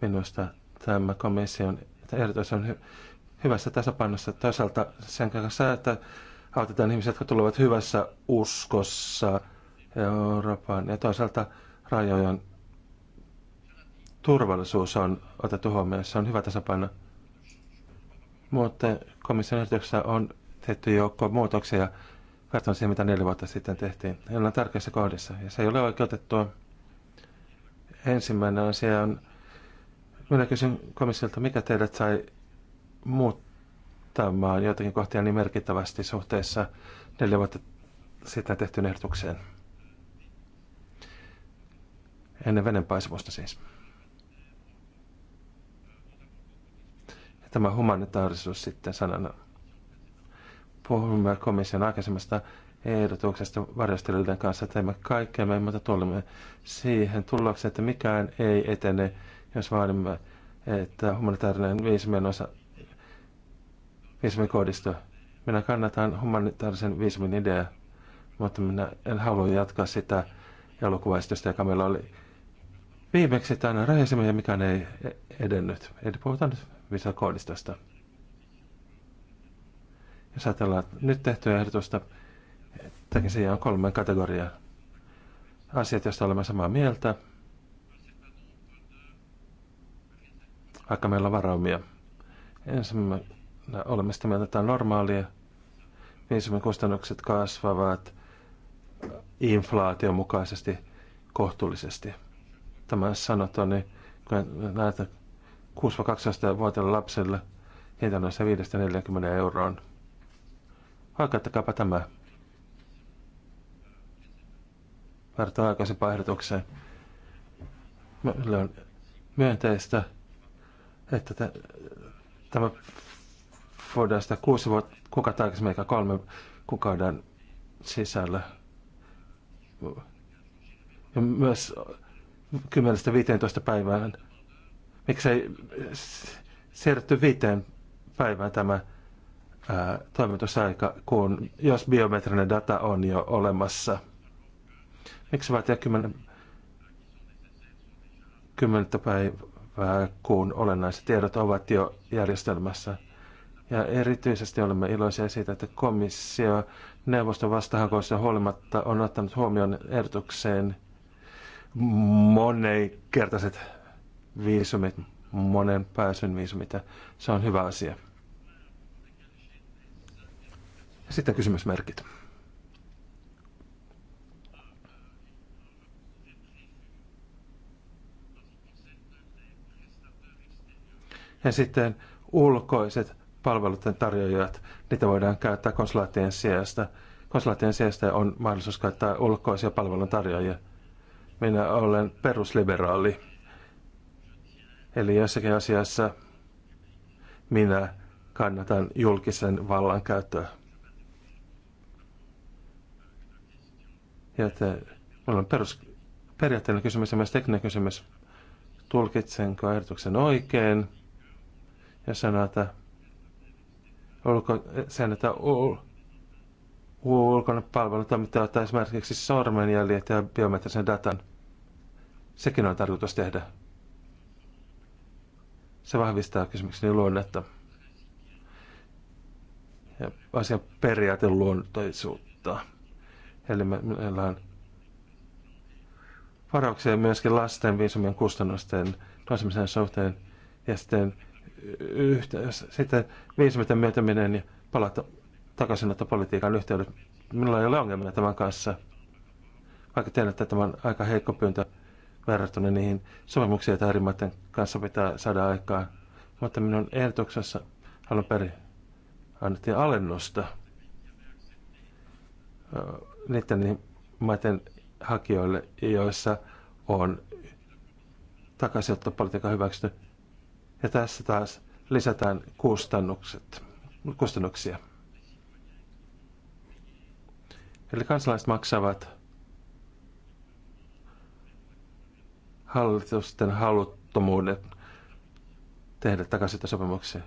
Minusta tämä komission ehdotus on hy- hyvässä tasapainossa toisaalta sen kanssa, että autetaan ihmisiä, jotka tulevat hyvässä uskossa Euroopan ja toisaalta rajojen turvallisuus on otettu huomioon. Se on hyvä tasapaino. Mutta komission yrityksessä on tehty joukko muutoksia verrattuna siihen, mitä neljä vuotta sitten tehtiin. Ne on tärkeissä kohdissa ja se ei ole oikeutettua. Ensimmäinen asia on, minä kysyn komissiolta, mikä teidät sai muut muuttamaan joitakin kohtia niin merkittävästi suhteessa neljä vuotta sitten tehtyyn ehdotukseen. Ennen venenpaisemusta siis. Ja tämä humanitaarisuus sitten sanana. Puhumme komission aikaisemmasta ehdotuksesta varjostelijoiden kanssa. Teemme kaikkemme, mutta tulemme siihen tulokseen, että mikään ei etene, jos vaadimme, että humanitaarinen viisumien osa viisumikoodisto. Minä kannatan humanitaarisen viisumin ideaa, mutta minä en halua jatkaa sitä elokuvaistosta, joka meillä oli viimeksi tänä rajasimme ja mikään ei edennyt. Eli puhutaan nyt viisumikoodistosta. Jos ajatellaan nyt tehtyä ehdotusta, tekisiä on kolmen kategoriaa. Asiat, joista olemme samaa mieltä, vaikka meillä on varaumia. Ensimmäinen olemme sitä mieltä, että on normaalia. Viisumin kustannukset kasvavat inflaation mukaisesti kohtuullisesti. Tämä sanottu, niin kun näitä 6-12-vuotiaille lapselle hinta noissa 5-40 euroon. Haikattakaapa tämä. Vartaan aikaisen ehdotukseen. Meillä on myönteistä, että tämä voidaan sitä kuusi vuotta, kuka aikaisemmin meikä kolme kuukauden sisällä. Ja myös 10-15 päivään. Miksei siirretty viiteen päivään tämä ää, toimitusaika, kun jos biometrinen data on jo olemassa. Miksi vaatii 10, 10 päivää, kun olennaiset tiedot ovat jo järjestelmässä? Ja erityisesti olemme iloisia siitä, että komissio neuvoston vastahakoissa huolimatta on ottanut huomioon ehdotukseen monenkertaiset viisumit, monen pääsyn viisumit. Ja se on hyvä asia. Sitten kysymysmerkit. Ja sitten ulkoiset palveluiden tarjoajat, niitä voidaan käyttää konsulaattien sijasta. Konsulaattien sijasta on mahdollisuus käyttää ulkoisia palvelun tarjoajia. Minä olen perusliberaali. Eli jossakin asiassa minä kannatan julkisen vallan käyttöä. Joten minulla on perus, periaatteellinen kysymys ja myös tekninen kysymys. Tulkitsenko ehdotuksen oikein? Ja sanotaan, että ulko, sen, ul, ulkoinen palvelu toimittaa ottaa esimerkiksi sormenjäljet ja biometrisen datan. Sekin on tarkoitus tehdä. Se vahvistaa kysymykseni luonnetta ja asian periaateluontoisuutta. Eli meillä on varauksia myöskin lasten viisumien kustannusten toisemisen suhteen ja sitten yhtä, sitten viisumiten myöntäminen ja palata takaisin politiikan yhteydet. Minulla ei ole ongelmia tämän kanssa, vaikka tiedän, että tämä on aika heikko pyyntö verrattuna niihin sopimuksiin, joita eri maiden kanssa pitää saada aikaan. Mutta minun ehdotuksessa alun perin annettiin alennusta niiden maiden hakijoille, joissa on takaisin takaisinottopolitiikan hyväksytty ja tässä taas lisätään kustannukset, kustannuksia. Eli kansalaiset maksavat hallitusten haluttomuuden tehdä takaisin sopimuksen.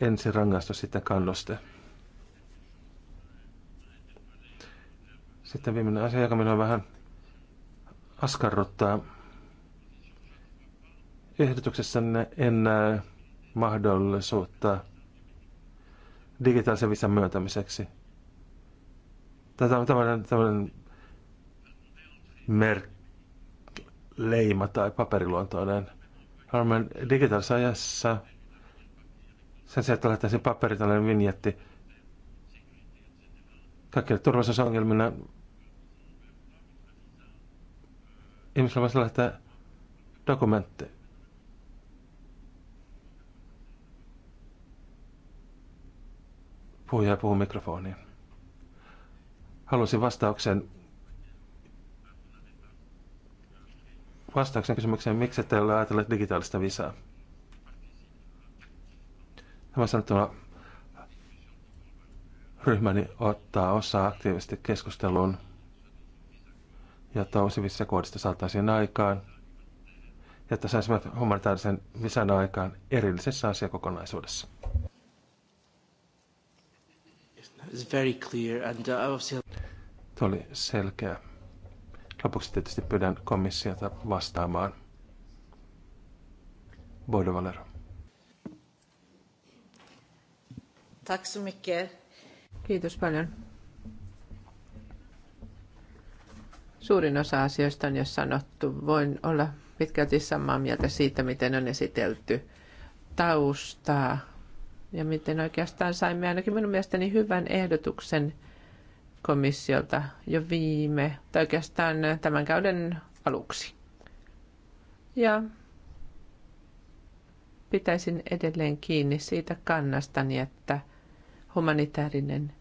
Ensin rangaistus, sitten kannuste. Sitten viimeinen asia, joka minua vähän askarruttaa, ehdotuksessanne en mahdollisuutta digitaalisen visan myöntämiseksi. Tämä on tämmöinen, tämmöinen merk, leima tai paperiluontoinen. Harman digitaalisessa ajassa sen sijaan, että lähettäisiin paperi, tällainen vinjetti, kaikille turvallisuusongelmina ihmisellä voisi lähteä dokumentteja Puhuja puhuu mikrofoniin. Haluaisin vastauksen vastauksen kysymykseen, miksi ette ole ajatelleet digitaalista visaa? Tämä sanottuna ryhmäni ottaa osaa aktiivisesti keskusteluun, jotta uusi kohdista saataisiin aikaan, jotta saisimme humanitaarisen visan aikaan erillisessä asiakokonaisuudessa. Uh, Tuo oli selkeä. Lopuksi tietysti pyydän komissiota vastaamaan. Bodo Valero. Tack Kiitos paljon. Suurin osa asioista on jo sanottu. Voin olla pitkälti samaa mieltä siitä, miten on esitelty taustaa, ja miten oikeastaan saimme ainakin minun mielestäni hyvän ehdotuksen komissiolta jo viime, tai oikeastaan tämän kauden aluksi. Ja pitäisin edelleen kiinni siitä kannastani, että humanitaarinen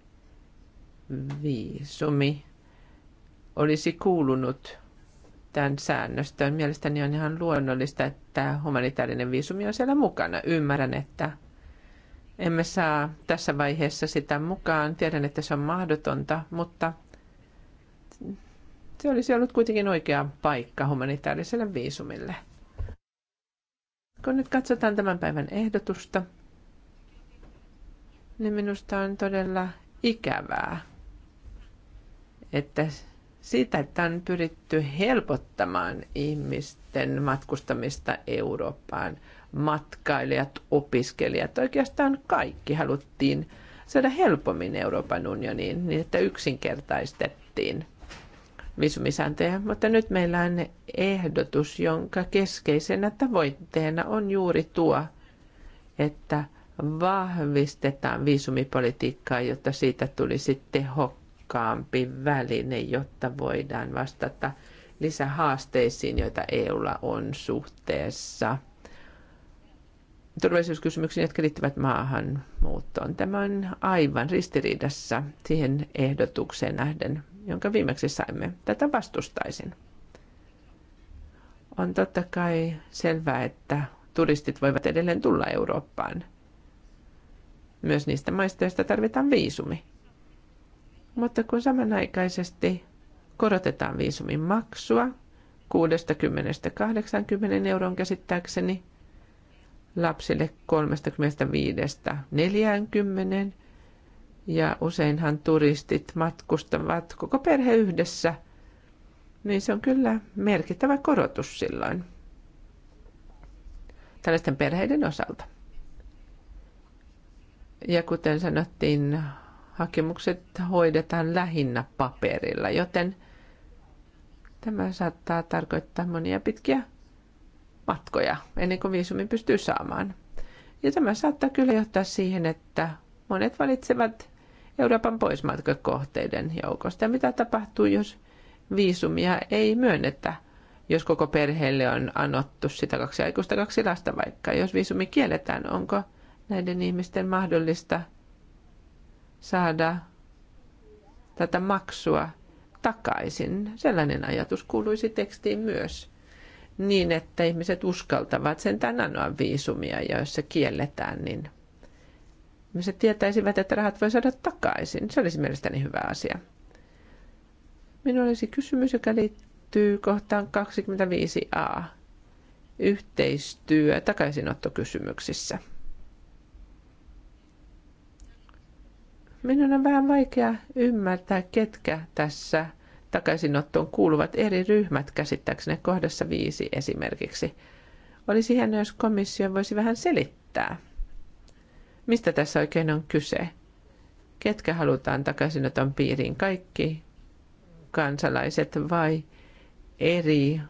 viisumi olisi kuulunut tämän säännöstön. Mielestäni on ihan luonnollista, että humanitaarinen viisumi on siellä mukana. Ymmärrän, että emme saa tässä vaiheessa sitä mukaan. Tiedän, että se on mahdotonta, mutta se olisi ollut kuitenkin oikea paikka humanitaariselle viisumille. Kun nyt katsotaan tämän päivän ehdotusta, niin minusta on todella ikävää, että siitä, että on pyritty helpottamaan ihmisten matkustamista Eurooppaan – matkailijat, opiskelijat, oikeastaan kaikki haluttiin saada helpommin Euroopan unioniin, niin että yksinkertaistettiin visumisääntöjä, mutta nyt meillä on ehdotus, jonka keskeisenä tavoitteena on juuri tuo, että vahvistetaan viisumipolitiikkaa, jotta siitä tulisi tehokkaampi väline, jotta voidaan vastata lisähaasteisiin, joita EUlla on suhteessa – turvallisuuskysymyksiin, jotka liittyvät maahanmuuttoon. Tämä on aivan ristiriidassa siihen ehdotukseen nähden, jonka viimeksi saimme. Tätä vastustaisin. On totta kai selvää, että turistit voivat edelleen tulla Eurooppaan. Myös niistä maista, joista tarvitaan viisumi. Mutta kun samanaikaisesti korotetaan viisumin maksua 60-80 euron käsittääkseni, lapsille 35-40 ja useinhan turistit matkustavat koko perhe yhdessä, niin se on kyllä merkittävä korotus silloin tällaisten perheiden osalta. Ja kuten sanottiin, hakemukset hoidetaan lähinnä paperilla, joten tämä saattaa tarkoittaa monia pitkiä matkoja ennen kuin viisumin pystyy saamaan. Ja tämä saattaa kyllä johtaa siihen, että monet valitsevat Euroopan poismatkakohteiden joukosta. Ja mitä tapahtuu, jos viisumia ei myönnetä, jos koko perheelle on anottu sitä kaksi aikuista, kaksi lasta vaikka. Jos viisumi kielletään, onko näiden ihmisten mahdollista saada tätä maksua takaisin? Sellainen ajatus kuuluisi tekstiin myös niin, että ihmiset uskaltavat sen anoa viisumia ja jos se kielletään, niin ihmiset tietäisivät, että rahat voi saada takaisin. Se olisi mielestäni hyvä asia. Minulla olisi kysymys, joka liittyy kohtaan 25a. Yhteistyö takaisinottokysymyksissä. Minun on vähän vaikea ymmärtää, ketkä tässä – takaisinottoon kuuluvat eri ryhmät käsittääkseni kohdassa viisi esimerkiksi. Olisi hienoa, jos komissio voisi vähän selittää, mistä tässä oikein on kyse. Ketkä halutaan takaisinoton piiriin, kaikki kansalaiset vai eri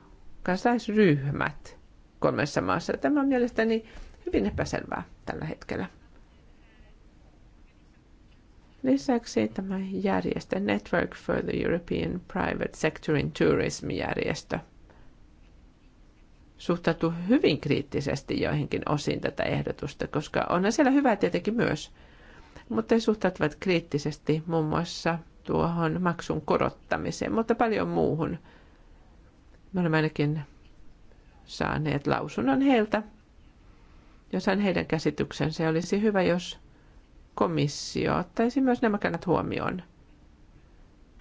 kansalaisryhmät kolmessa maassa. Tämä on mielestäni hyvin epäselvää tällä hetkellä. Lisäksi tämä järjestö Network for the European Private Sectorin turismijärjestö suhtautuu hyvin kriittisesti joihinkin osin tätä ehdotusta, koska on siellä hyvää tietenkin myös, mutta he suhtautuvat kriittisesti muun muassa tuohon maksun korottamiseen, mutta paljon muuhun. Me olemme ainakin saaneet lausunnon heiltä. Jos on heidän käsityksensä, olisi hyvä, jos komissio ottaisi myös nämä kannat huomioon.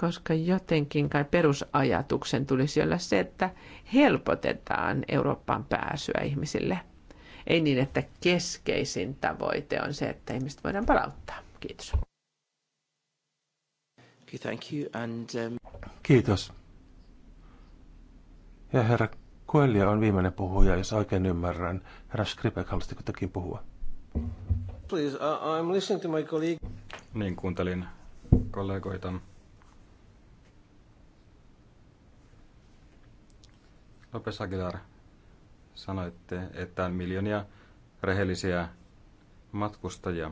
Koska jotenkin kai perusajatuksen tulisi olla se, että helpotetaan Eurooppaan pääsyä ihmisille. Ei niin, että keskeisin tavoite on se, että ihmiset voidaan palauttaa. Kiitos. thank you. And, um... Kiitos. Ja herra Koelia on viimeinen puhuja, jos oikein ymmärrän. Herra Skripek, haluaisitko tekin puhua? Please, I'm listening to my colleague. Niin kuuntelin kollegoita. Lopes Aguilar, sanoitte, että on miljoonia rehellisiä matkustajia.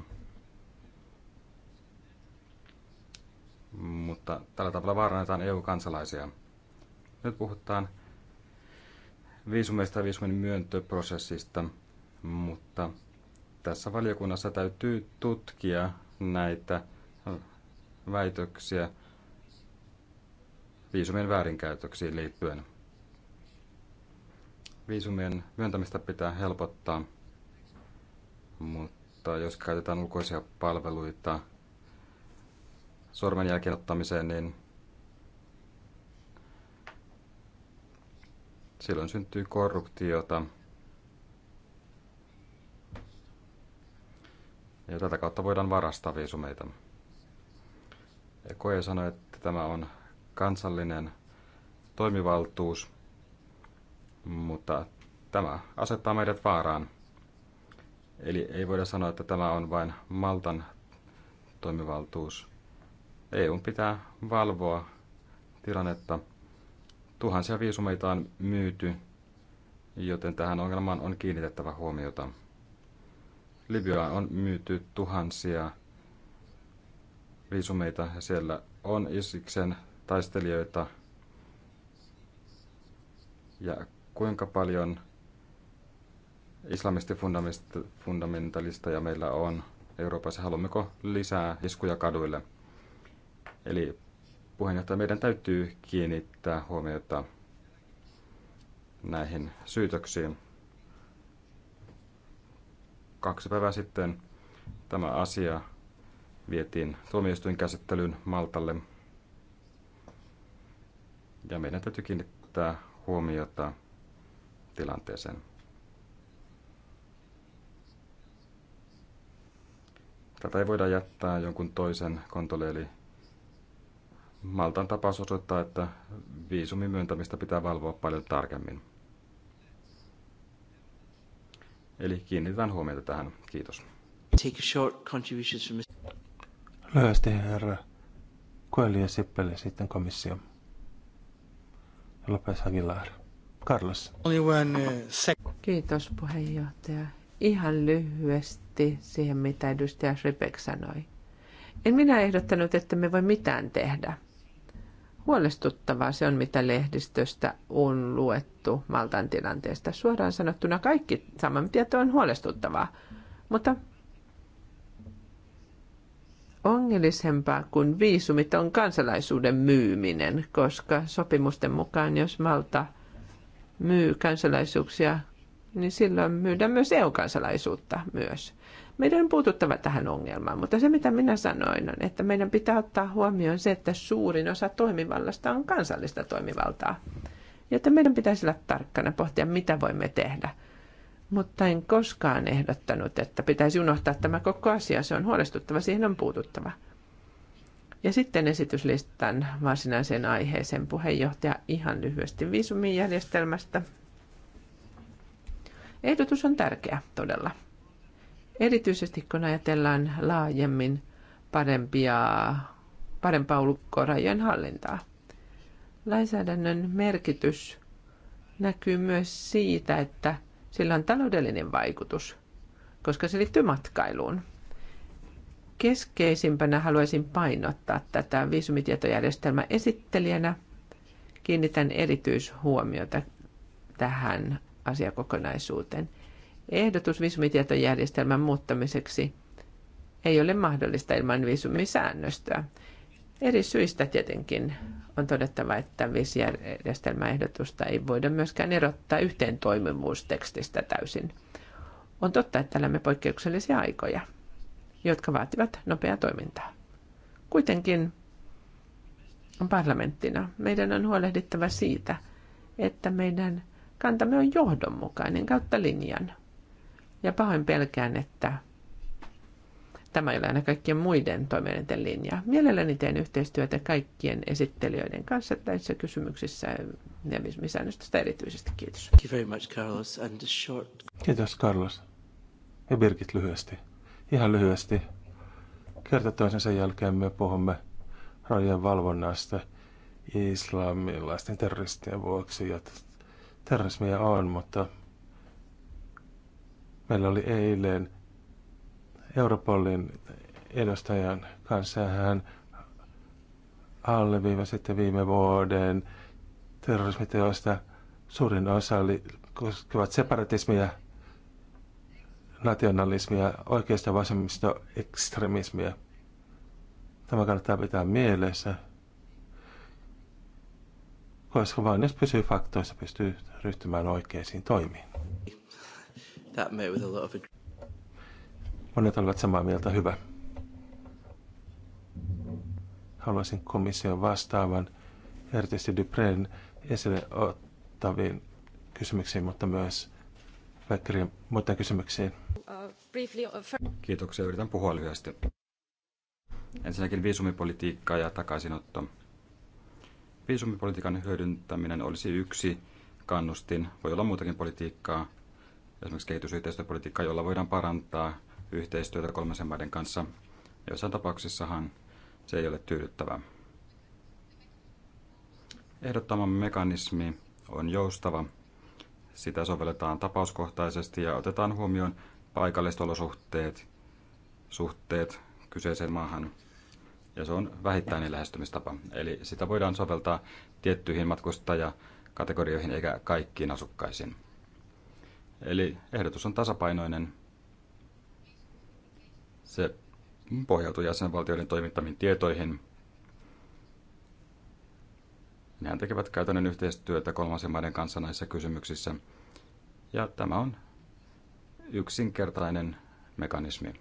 Mutta tällä tavalla vaarannetaan EU-kansalaisia. Nyt puhutaan viisumeista ja viisumin myöntöprosessista, mutta tässä valiokunnassa täytyy tutkia näitä väitöksiä viisumien väärinkäytöksiin liittyen. Viisumien myöntämistä pitää helpottaa, mutta jos käytetään ulkoisia palveluita sormenjälkien ottamiseen, niin silloin syntyy korruptiota – Ja tätä kautta voidaan varastaa viisumeita. Ja sanoi, että tämä on kansallinen toimivaltuus, mutta tämä asettaa meidät vaaraan. Eli ei voida sanoa, että tämä on vain Maltan toimivaltuus. EUn pitää valvoa tilannetta. Tuhansia viisumeita on myyty, joten tähän ongelmaan on kiinnitettävä huomiota. Libyaan on myyty tuhansia viisumeita ja siellä on Isiksen taistelijoita. Ja kuinka paljon islamistifundamentalisteja meillä on Euroopassa? Haluammeko lisää iskuja kaduille? Eli puheenjohtaja, meidän täytyy kiinnittää huomiota näihin syytöksiin kaksi päivää sitten tämä asia vietiin käsittelyyn Maltalle. Ja meidän täytyy kiinnittää huomiota tilanteeseen. Tätä ei voida jättää jonkun toisen kontolle, eli Maltan tapaus osoittaa, että viisumin myöntämistä pitää valvoa paljon tarkemmin. Eli kiinnitetään huomiota tähän. Kiitos. Take short contribution from... Lyhyesti herra. Koeli ja Sippeli sitten komissio. Lopes Aguilar. Carlos. Uh, Kiitos puheenjohtaja. Ihan lyhyesti siihen, mitä edustaja Ripek sanoi. En minä ehdottanut, että me voi mitään tehdä huolestuttavaa se on, mitä lehdistöstä on luettu Maltan tilanteesta. Suoraan sanottuna kaikki saman tieto on huolestuttavaa, mutta ongelisempaa kuin viisumit on kansalaisuuden myyminen, koska sopimusten mukaan, jos Malta myy kansalaisuuksia, niin silloin myydään myös EU-kansalaisuutta myös. Meidän on puututtava tähän ongelmaan, mutta se mitä minä sanoin on, että meidän pitää ottaa huomioon se, että suurin osa toimivallasta on kansallista toimivaltaa. Ja että meidän pitäisi olla tarkkana pohtia, mitä voimme tehdä. Mutta en koskaan ehdottanut, että pitäisi unohtaa tämä koko asia. Se on huolestuttava, siihen on puututtava. Ja sitten esityslistan varsinaiseen aiheeseen puheenjohtaja ihan lyhyesti viisumijärjestelmästä. Ehdotus on tärkeä todella. Erityisesti kun ajatellaan laajemmin parempia, parempaa ulkorajojen hallintaa. Lainsäädännön merkitys näkyy myös siitä, että sillä on taloudellinen vaikutus, koska se liittyy matkailuun. Keskeisimpänä haluaisin painottaa tätä viisumitietojärjestelmän esittelijänä. Kiinnitän erityishuomiota tähän asiakokonaisuuteen – Ehdotus visumitietojärjestelmän muuttamiseksi ei ole mahdollista ilman visumisäännöstöä. Eri syistä tietenkin on todettava, että visijärjestelmäehdotusta ei voida myöskään erottaa yhteen toimivuustekstistä täysin. On totta, että elämme poikkeuksellisia aikoja, jotka vaativat nopeaa toimintaa. Kuitenkin parlamenttina meidän on huolehdittava siitä, että meidän kantamme on johdonmukainen kautta linjan – ja pahoin pelkään, että tämä ei ole aina kaikkien muiden toimijoiden linja. Mielelläni teen yhteistyötä kaikkien esittelijöiden kanssa tässä kysymyksissä ja säännöstöstä erityisesti. Kiitos. Thank you very much, Carlos. And short... Kiitos, Carlos. Ja Birgit lyhyesti. Ihan lyhyesti. Kerta toisensa jälkeen me puhumme rajojen valvonnasta islamilaisten terroristien vuoksi, ja terrorismia on, mutta Meillä oli eilen Europolin edustajan kanssa ja hän alleviivasi, että viime vuoden terrorismiteoista suurin osa oli, koskevat separatismia, nationalismia, oikeista vasemmista ekstremismia. Tämä kannattaa pitää mielessä. Koska vain jos pysyy faktoissa, pystyy ryhtymään oikeisiin toimiin. That met with a lot of... Monet olivat samaa mieltä, hyvä. Haluaisin komission vastaavan erityisesti Dupreen esille ottaviin kysymyksiin, mutta myös Väkkerien muiden kysymyksiin. Kiitoksia, yritän puhua lyhyesti. Ensinnäkin viisumipolitiikka ja takaisinotto. Viisumipolitiikan hyödyntäminen olisi yksi kannustin, voi olla muutakin politiikkaa, esimerkiksi kehitysyhteistyöpolitiikkaa, jolla voidaan parantaa yhteistyötä kolmansien maiden kanssa. Joissain tapauksissahan se ei ole tyydyttävää. Ehdottamamme mekanismi on joustava. Sitä sovelletaan tapauskohtaisesti ja otetaan huomioon paikalliset olosuhteet, suhteet kyseiseen maahan. Ja se on vähittäinen lähestymistapa. Eli sitä voidaan soveltaa tiettyihin matkustajakategorioihin eikä kaikkiin asukkaisiin. Eli ehdotus on tasapainoinen. Se pohjautuu jäsenvaltioiden toimittamiin tietoihin. Nehän tekevät käytännön yhteistyötä kolmansien maiden kanssa näissä kysymyksissä. Ja tämä on yksinkertainen mekanismi.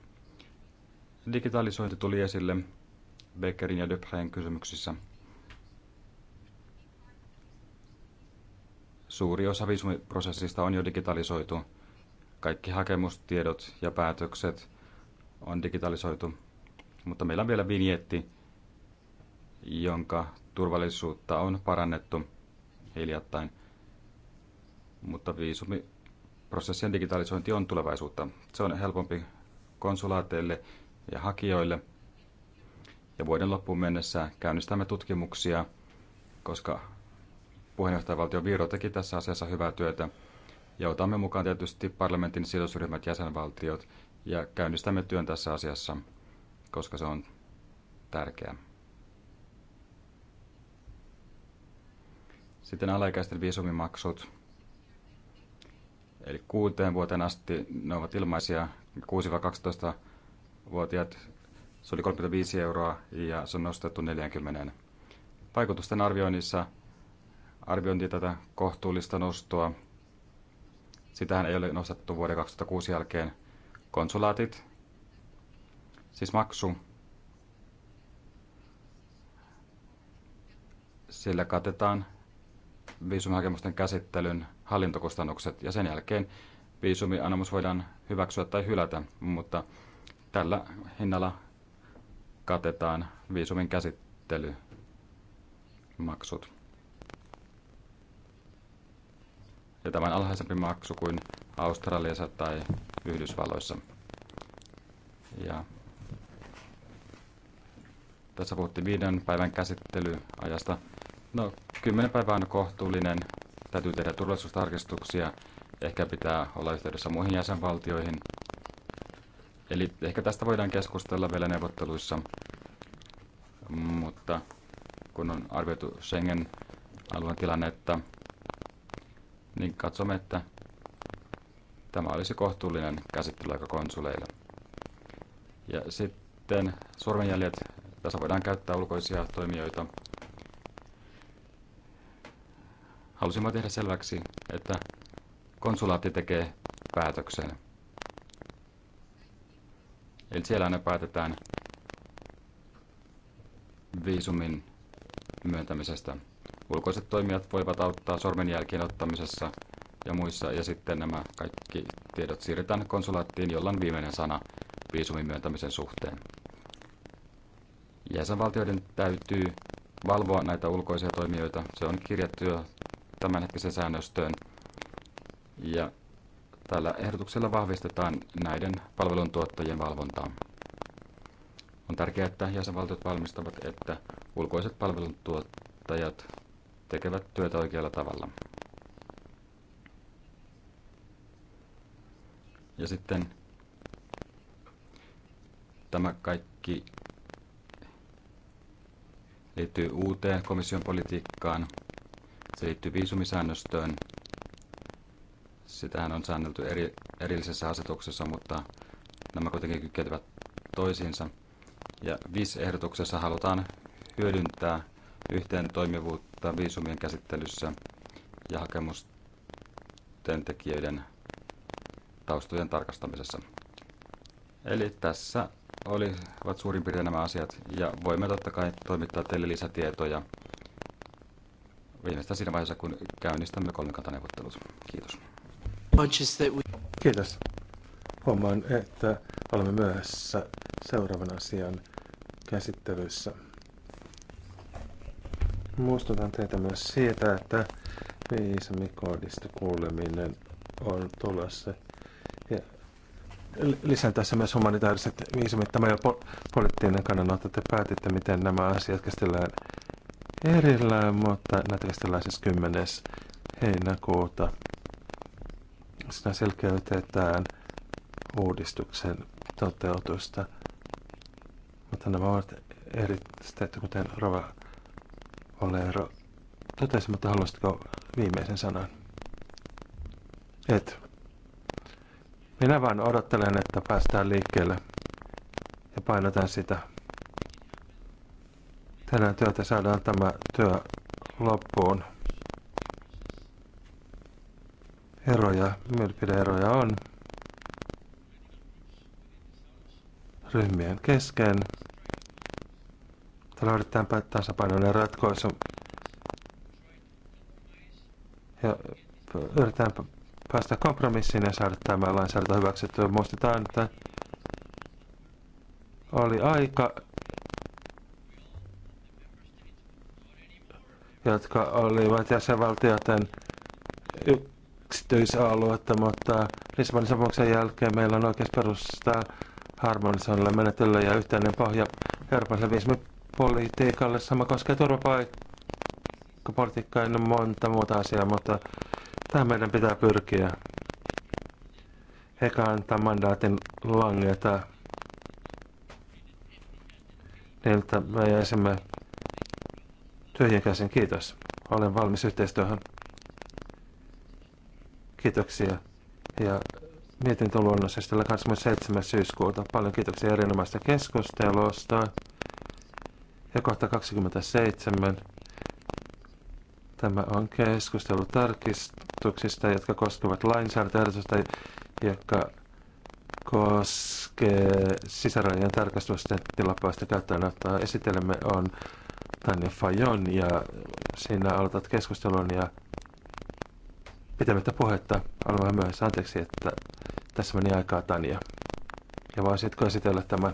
Digitalisointi tuli esille Beckerin ja Dupreen kysymyksissä. Suuri osa viisumiprosessista on jo digitalisoitu. Kaikki hakemustiedot ja päätökset on digitalisoitu. Mutta meillä on vielä vinjetti, jonka turvallisuutta on parannettu hiljattain. Mutta viisumiprosessien digitalisointi on tulevaisuutta. Se on helpompi konsulaateille ja hakijoille. Ja vuoden loppuun mennessä käynnistämme tutkimuksia, koska puheenjohtajavaltio Viro teki tässä asiassa hyvää työtä ja otamme mukaan tietysti parlamentin sidosryhmät jäsenvaltiot ja käynnistämme työn tässä asiassa, koska se on tärkeää. Sitten alaikäisten viisumimaksut. Eli kuuteen vuoteen asti ne ovat ilmaisia. 6-12-vuotiaat se oli 35 euroa ja se on nostettu 40. Vaikutusten arvioinnissa arviointi tätä kohtuullista nostoa. Sitähän ei ole nostettu vuoden 2006 jälkeen. Konsulaatit, siis maksu, sillä katetaan viisumihakemusten käsittelyn hallintokustannukset ja sen jälkeen viisumianomus voidaan hyväksyä tai hylätä, mutta tällä hinnalla katetaan viisumin käsittelymaksut. ja tämä on alhaisempi maksu kuin Australiassa tai Yhdysvalloissa. Ja tässä puhuttiin viiden päivän käsittelyajasta. No, kymmenen päivää on kohtuullinen. Täytyy tehdä turvallisuustarkistuksia. Ehkä pitää olla yhteydessä muihin jäsenvaltioihin. Eli ehkä tästä voidaan keskustella vielä neuvotteluissa. Mutta kun on arvioitu Schengen-alueen tilannetta, niin katsomme, että tämä olisi kohtuullinen käsittelyaika konsuleille. Ja sitten sormenjäljet. Tässä voidaan käyttää ulkoisia toimijoita. Halusimme tehdä selväksi, että konsulaatti tekee päätöksen. Eli siellä aina päätetään viisumin myöntämisestä. Ulkoiset toimijat voivat auttaa sormenjälkien ottamisessa ja muissa, ja sitten nämä kaikki tiedot siirretään konsulaattiin, jolla on viimeinen sana viisumin myöntämisen suhteen. Jäsenvaltioiden täytyy valvoa näitä ulkoisia toimijoita. Se on kirjattu jo tämänhetkisen säännöstöön. Ja tällä ehdotuksella vahvistetaan näiden palveluntuottajien valvontaa. On tärkeää, että jäsenvaltiot valmistavat, että ulkoiset palveluntuottajat tekevät työtä oikealla tavalla. Ja sitten tämä kaikki liittyy uuteen komission politiikkaan. Se liittyy viisumisäännöstöön. Sitähän on säännelty eri, erillisessä asetuksessa, mutta nämä kuitenkin kytkeytyvät toisiinsa. Ja viisi ehdotuksessa halutaan hyödyntää yhteen toimivuutta viisumien käsittelyssä ja hakemusten tekijöiden taustojen tarkastamisessa. Eli tässä olivat suurin piirtein nämä asiat ja voimme totta kai toimittaa teille lisätietoja viimeistään siinä vaiheessa, kun käynnistämme kolmikantaneuvottelut. Kiitos. Kiitos. Huomaan, että olemme myöhässä seuraavan asian käsittelyssä. Muistutan teitä myös siitä, että viisumikoodista kuuleminen on tulossa. Ja lisään tässä myös humanitaariset viisumit. Tämä jo poliittinen kannanotto. Te päätitte, miten nämä asiat käsitellään erillään, mutta näitä käsitellään siis 10. heinäkuuta. Sitä selkeytetään uudistuksen toteutusta. Mutta nämä ovat eristetty, kuten Rova ole ero. Totesi, mutta haluaisitko viimeisen sanan? Et. Minä vain odottelen, että päästään liikkeelle ja painotan sitä. Tänään työtä saadaan tämä työ loppuun. Eroja, mielipideeroja on ryhmien kesken. Täällä yritetään tasapainoinen ratkaisu. Ja yritetään päästä kompromissiin ja saada tämä lainsäädäntö hyväksyttyä. Muistetaan, että oli aika, jotka olivat jäsenvaltioiden yksityisaluetta, mutta Lissabonin sopimuksen jälkeen meillä on oikeus perustaa harmonisoinnille menetelmä ja yhteinen pohja eurooppalaiselle politiikalle. Sama koskee turvapaikkapolitiikkaa ja monta muuta asiaa, mutta tähän meidän pitää pyrkiä. Eikä antaa mandaatin langeta niiltä me jäisimme tyhjän käsin. Kiitos. Olen valmis yhteistyöhön. Kiitoksia. Ja mietintöluonnos esitellä 27. syyskuuta. Paljon kiitoksia erinomaista keskustelusta. Ja kohta 27. Tämä on keskustelu tarkistuksista, jotka koskevat lainsäädäntöä, joka koskee sisärajojen tarkastusten tilapäistä käyttöönottoa. Esittelemme on Tanja Fajon ja sinä aloitat keskustelun ja pitämättä puhetta. Olen vähän myöhässä. Anteeksi, että tässä meni aikaa Tanja. Ja voisitko esitellä tämän?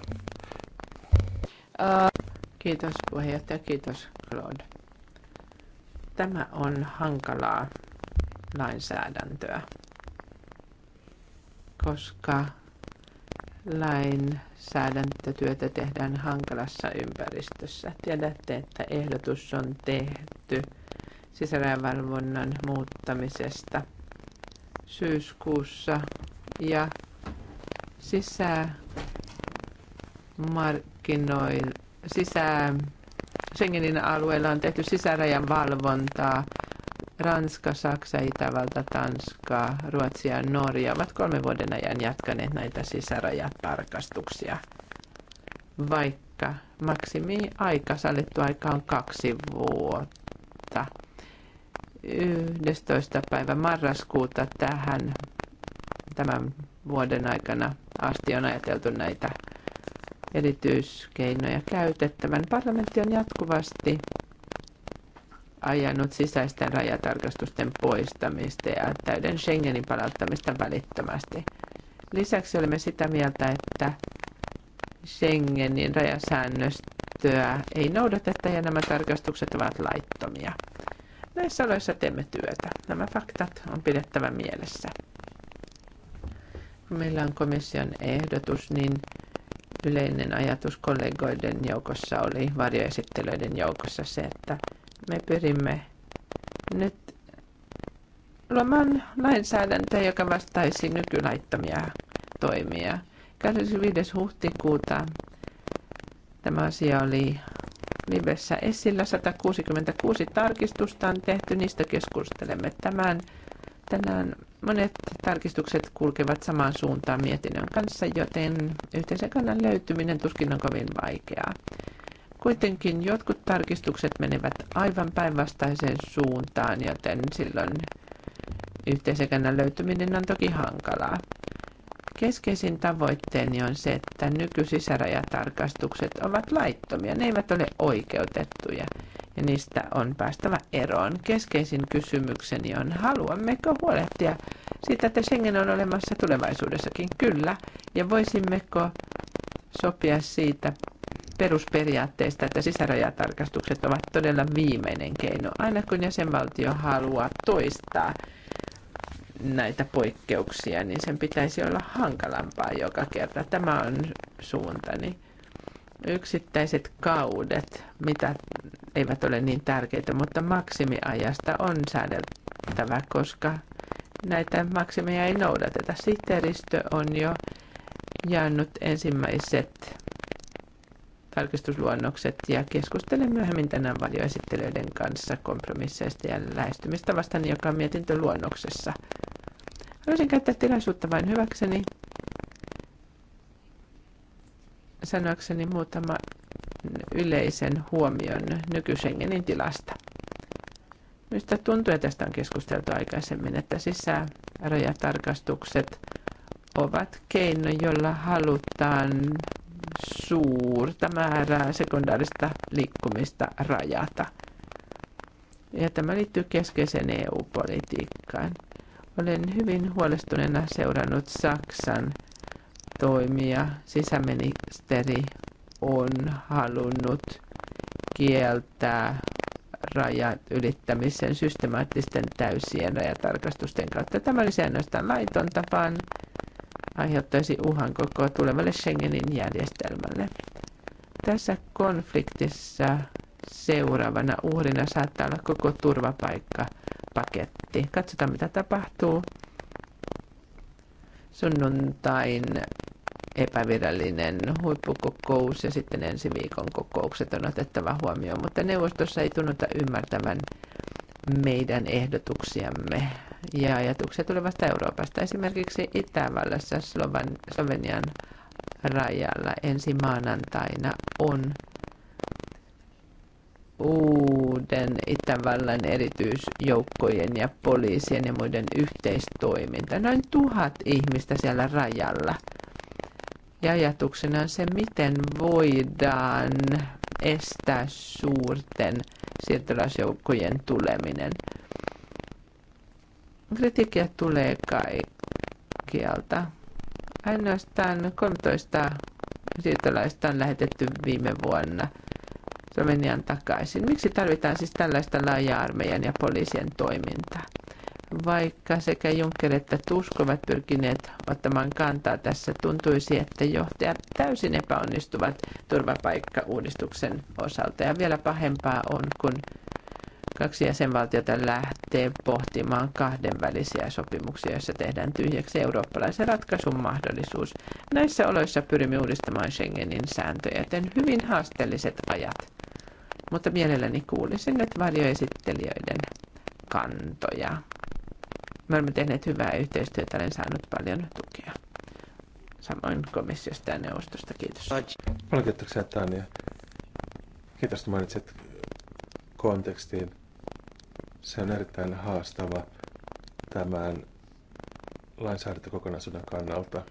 Kiitos puheenjohtaja, kiitos Claude. Tämä on hankalaa lainsäädäntöä, koska lainsäädäntötyötä tehdään hankalassa ympäristössä. Tiedätte, että ehdotus on tehty sisäräjävalvonnan muuttamisesta syyskuussa ja sisämarkkinoilla sisä, Schengenin alueella on tehty sisärajan valvontaa. Ranska, Saksa, Itävalta, Tanska, Ruotsi ja Norja ovat kolmen vuoden ajan jatkaneet näitä sisärajatarkastuksia, vaikka maksimiaika, sallittu aika on kaksi vuotta. 11. päivä marraskuuta tähän tämän vuoden aikana asti on ajateltu näitä erityiskeinoja käytettävän. Parlamentti on jatkuvasti ajanut sisäisten rajatarkastusten poistamista ja täyden Schengenin palauttamista välittömästi. Lisäksi olemme sitä mieltä, että Schengenin rajasäännöstöä ei noudateta ja nämä tarkastukset ovat laittomia. Näissä oloissa teemme työtä. Nämä faktat on pidettävä mielessä. Kun meillä on komission ehdotus, niin yleinen ajatus kollegoiden joukossa oli, varjoesittelyiden joukossa se, että me pyrimme nyt luomaan lainsäädäntöä, joka vastaisi nykylaittomia toimia. 25. huhtikuuta tämä asia oli livessä esillä. 166 tarkistusta on tehty, niistä keskustelemme tämän tänään Monet tarkistukset kulkevat samaan suuntaan mietinnön kanssa, joten yhteisen kannan löytyminen tuskin on kovin vaikeaa. Kuitenkin jotkut tarkistukset menevät aivan päinvastaiseen suuntaan, joten silloin yhteisen kannan löytyminen on toki hankalaa. Keskeisin tavoitteeni on se, että nykysisärajatarkastukset ovat laittomia, ne eivät ole oikeutettuja ja niistä on päästävä eroon. Keskeisin kysymykseni on, haluammeko huolehtia siitä, että Schengen on olemassa tulevaisuudessakin? Kyllä. Ja voisimmeko sopia siitä perusperiaatteesta, että sisärajatarkastukset ovat todella viimeinen keino, aina kun jäsenvaltio haluaa toistaa – näitä poikkeuksia, niin sen pitäisi olla hankalampaa joka kerta. Tämä on suuntani. Yksittäiset kaudet, mitä eivät ole niin tärkeitä, mutta maksimiajasta on säädeltävä, koska näitä maksimeja ei noudateta. Sihteeristö on jo jaannut ensimmäiset tarkistusluonnokset ja keskustelen myöhemmin tänään varjoesittelyiden kanssa kompromisseista ja lähestymistavasta, joka on mietintöluonnoksessa. Haluaisin käyttää tilaisuutta vain hyväkseni sanoakseni muutama yleisen huomion nykysengenin tilasta. Minusta tuntuu, että tästä on keskusteltu aikaisemmin, että sisärajatarkastukset ovat keino, jolla halutaan suurta määrää sekundaarista liikkumista rajata. Ja tämä liittyy keskeiseen EU-politiikkaan. Olen hyvin huolestuneena seurannut Saksan toimia. Sisäministeri on halunnut kieltää rajat ylittämisen systemaattisten täysien rajatarkastusten kautta. Tämä olisi ainoastaan laitonta, vaan aiheuttaisi uhan koko tulevalle Schengenin järjestelmälle. Tässä konfliktissa seuraavana uhrina saattaa olla koko turvapaikkapaketti. Katsotaan mitä tapahtuu. Sunnuntain epävirallinen huippukokous ja sitten ensi viikon kokoukset on otettava huomioon, mutta neuvostossa ei tunnuta ymmärtävän meidän ehdotuksiamme ja ajatuksia tulevasta Euroopasta. Esimerkiksi Itävallassa Slovenian rajalla ensi maanantaina on uuden Itävallan erityisjoukkojen ja poliisien ja muiden yhteistoiminta. Noin tuhat ihmistä siellä rajalla. Ja ajatuksena on se, miten voidaan estää suurten siirtolaisjoukkojen tuleminen. Kritiikkiä tulee kaikkialta. Ainoastaan 13 siirtolaista on lähetetty viime vuonna Slovenian takaisin. Miksi tarvitaan siis tällaista laajaa armeijan ja poliisien toimintaa? Vaikka sekä Juncker että Tusk ovat pyrkineet ottamaan kantaa tässä, tuntuisi, että johtajat täysin epäonnistuvat turvapaikkauudistuksen osalta. Ja vielä pahempaa on, kun kaksi jäsenvaltiota lähtee pohtimaan kahdenvälisiä sopimuksia, joissa tehdään tyhjäksi eurooppalaisen ratkaisun mahdollisuus. Näissä oloissa pyrimme uudistamaan Schengenin sääntöjä, joten hyvin haasteelliset ajat. Mutta mielelläni kuulisin nyt varjoesittelijöiden kantoja. Me olemme tehneet hyvää yhteistyötä, olen saanut paljon tukea. Samoin komissiosta ja neuvostosta. Kiitos. Paljon kiitoksia Tania. Kiitos, että mainitsit kontekstiin se on erittäin haastava tämän lainsäädäntökokonaisuuden kannalta.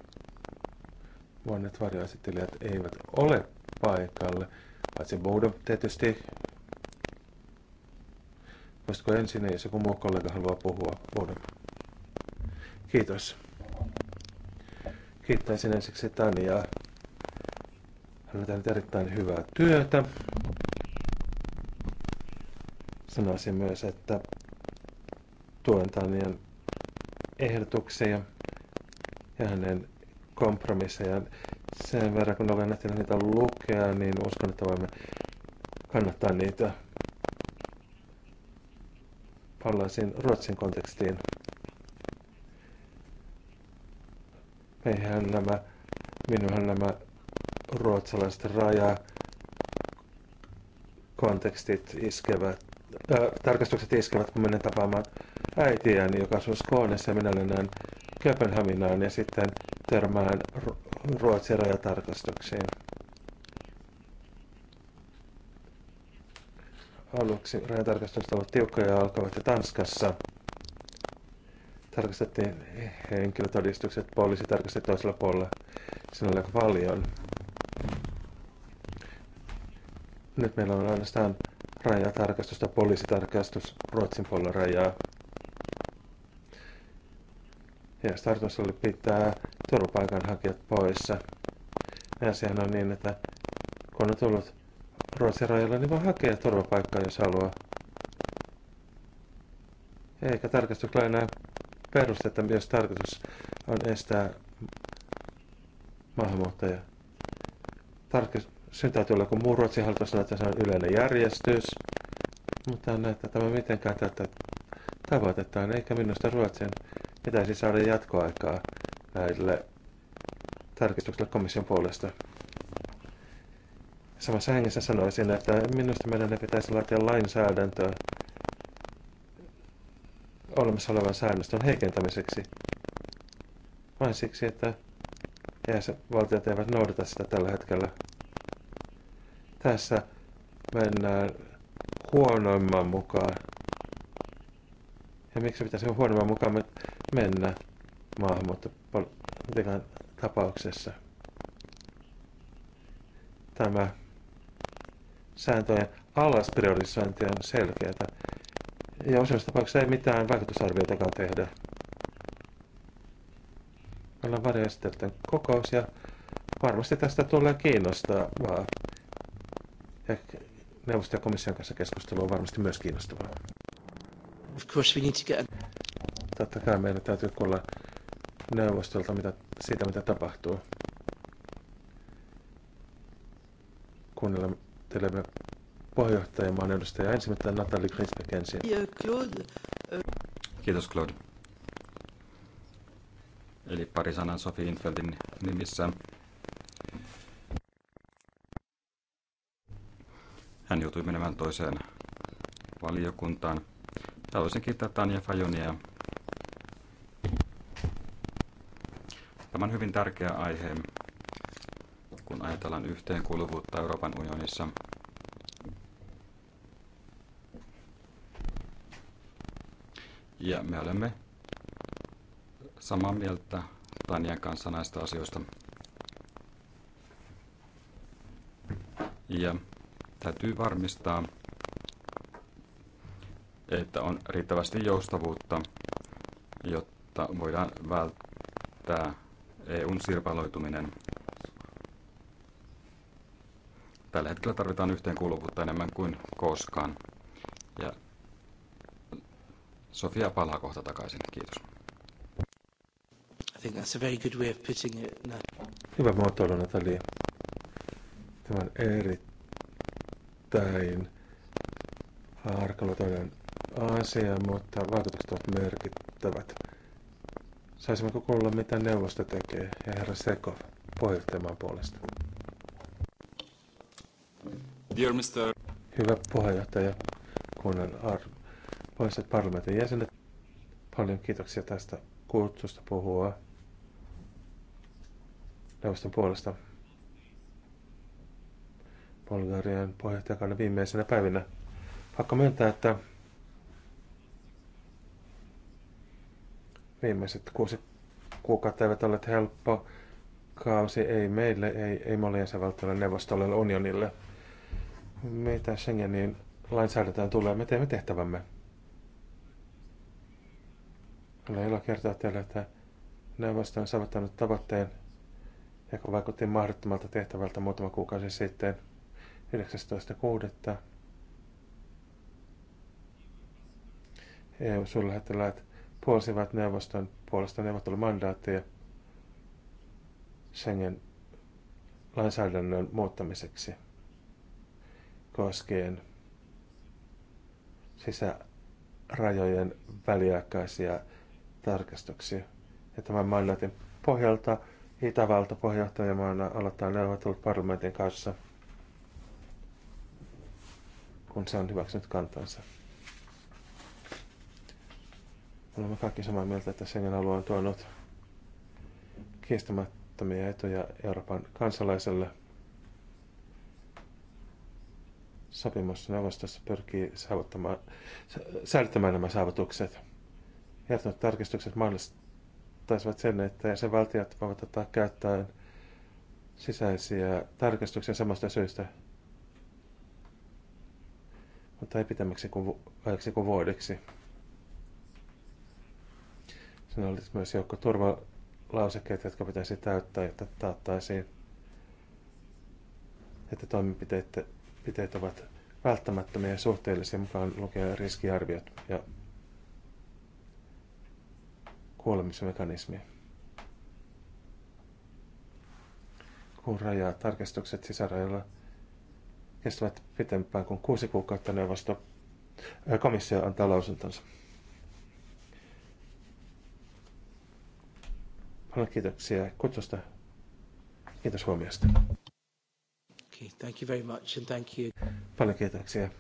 Monet varjoesittelijät eivät ole paikalle, paitsi Boudon tietysti. Voisitko ensin, jos joku muu kollega haluaa puhua, Boudon? Kiitos. Kiittäisin ensiksi Tania. Hän on tehnyt erittäin hyvää työtä sanoisin myös, että tuen Tanjan ehdotuksia ja hänen kompromissejaan. Sen verran, kun olen nähnyt niitä lukea, niin uskon, että voimme kannattaa niitä. Palaisin Ruotsin kontekstiin. Meihän nämä, minuhan nämä ruotsalaiset raja kontekstit iskevät tarkastukset iskevät, kun menen tapaamaan äitiäni, joka asuu Skoonessa ja minä lennän Kööpenhaminaan ja sitten törmään Ruotsin rajatarkastuksiin. Aluksi rajatarkastukset ovat tiukkoja ja alkavat ja Tanskassa. Tarkastettiin henkilötodistukset, poliisi tarkasti toisella puolella. Siinä oli aika paljon. Nyt meillä on ainoastaan rajatarkastus tai poliisitarkastus Ruotsin puolella rajaa. Ja tarkoitus oli pitää turvapaikanhakijat poissa. Ja sehän on niin, että kun on tullut Ruotsin rajalle, niin voi hakea turvapaikkaa, jos haluaa. Eikä tarkastuksella enää perustetta, jos tarkoitus on estää maahanmuuttaja. Tarkastus sen täytyy olla, kun muu Ruotsin hallitus että se on yleinen järjestys. Mutta en näe tämä mitenkään tätä tavoitetaan, eikä minusta Ruotsin pitäisi saada jatkoaikaa näille tarkistuksille komission puolesta. Samassa hengessä sanoisin, että minusta meidän pitäisi laatia lainsäädäntöä olemassa olevan säännöstön heikentämiseksi, vain siksi, että jäsenvaltiot e eivät noudata sitä tällä hetkellä. Tässä mennään huonoimman mukaan. Ja miksi pitäisi huonoimman mukaan mennä maahanmuuttopolitiikan tapauksessa? Tämä sääntöjen alaspriorisointi on selkeää. Ja useimmissa tapauksissa ei mitään vaikutusarvioitakaan tehdä. Meillä on varjoistettu kokous ja varmasti tästä tulee kiinnostavaa. Ja ja komission kanssa keskustelu on varmasti myös kiinnostavaa. Of course we need to get... Totta kai meidän täytyy kuulla neuvostolta mitä, siitä, mitä tapahtuu. Kuunnelemme maan edustaja ensin mitään Natalie Grinsbeck ensin. Kiitos Claude. Eli pari sanan Sofi Infeldin nimissä. Hän joutui menemään toiseen valiokuntaan. Haluaisin kiittää Tanja Fajonia. Tämä on hyvin tärkeä aihe, kun ajatellaan yhteenkuuluvuutta Euroopan unionissa. Ja me olemme samaa mieltä Tanjan kanssa näistä asioista. Ja Täytyy varmistaa, että on riittävästi joustavuutta, jotta voidaan välttää EUn sirpaloituminen. Tällä hetkellä tarvitaan yhteenkuuluvuutta enemmän kuin koskaan. Ja Sofia palaa kohta takaisin. Kiitos. I think that's a very good way of putting it, Hyvä muotoilu, Natalia. Tämä on erittäin erittäin arkaluotoinen asia, mutta vaikutukset ovat merkittävät. Saisimmeko kuulla, mitä neuvosto tekee ja herra Sekov puheenjohtajamaan puolesta? Dear Mr. Hyvä puheenjohtaja, kunnan arvoisat parlamentin jäsenet, paljon kiitoksia tästä kutsusta puhua neuvoston puolesta. Bulgarian puheenjohtajakauden viimeisenä päivinä. Pakko myöntää, että viimeiset kuusi kuukautta eivät olleet helppo kausi, ei meille, ei, ei molien jäsenvaltioille, neuvostolle, unionille. Mitä Schengenin lainsäädäntöön tulee, me teemme tehtävämme. Olen ilo kertoa teille, että neuvosto on saavuttanut tavoitteen, joka vaikutti mahdottomalta tehtävältä muutama kuukausi sitten – 19.6. EU-suurlähettiläät puolsivat neuvoston puolesta neuvottelumandaatteja Schengen lainsäädännön muuttamiseksi koskien sisärajojen väliaikaisia tarkastuksia. Ja tämän mandaatin pohjalta Itävalta puheenjohtajamaana aloittaa neuvottelut parlamentin kanssa – kun se on hyväksynyt kantansa. Olemme kaikki samaa mieltä, että Schengen-alue on tuonut kiistämättömiä etuja Euroopan kansalaiselle. Sopimus neuvostossa pyrkii saavuttamaan, säilyttämään nämä saavutukset. Jatkuvat tarkistukset mahdollistaisivat sen, että jäsenvaltiot voivat ottaa käyttöön sisäisiä tarkistuksia samasta syystä – mutta ei pitämäksi kuin, ajaksi kuin vuodeksi. Siinä oli myös joukko turvalausekkeita, jotka pitäisi täyttää, jotta taattaisiin, että toimenpiteet ovat välttämättömiä ja suhteellisia mukaan lukea riskiarviot ja kuolemismekanismia. Kun rajaa tarkastukset sisärajoilla kestävät pitempään kuin kuusi kuukautta neuvosto komissio antaa lausuntonsa. Paljon kiitoksia kutsusta. Kiitos huomiosta. Okay, thank you very much and thank you. Paljon kiitoksia.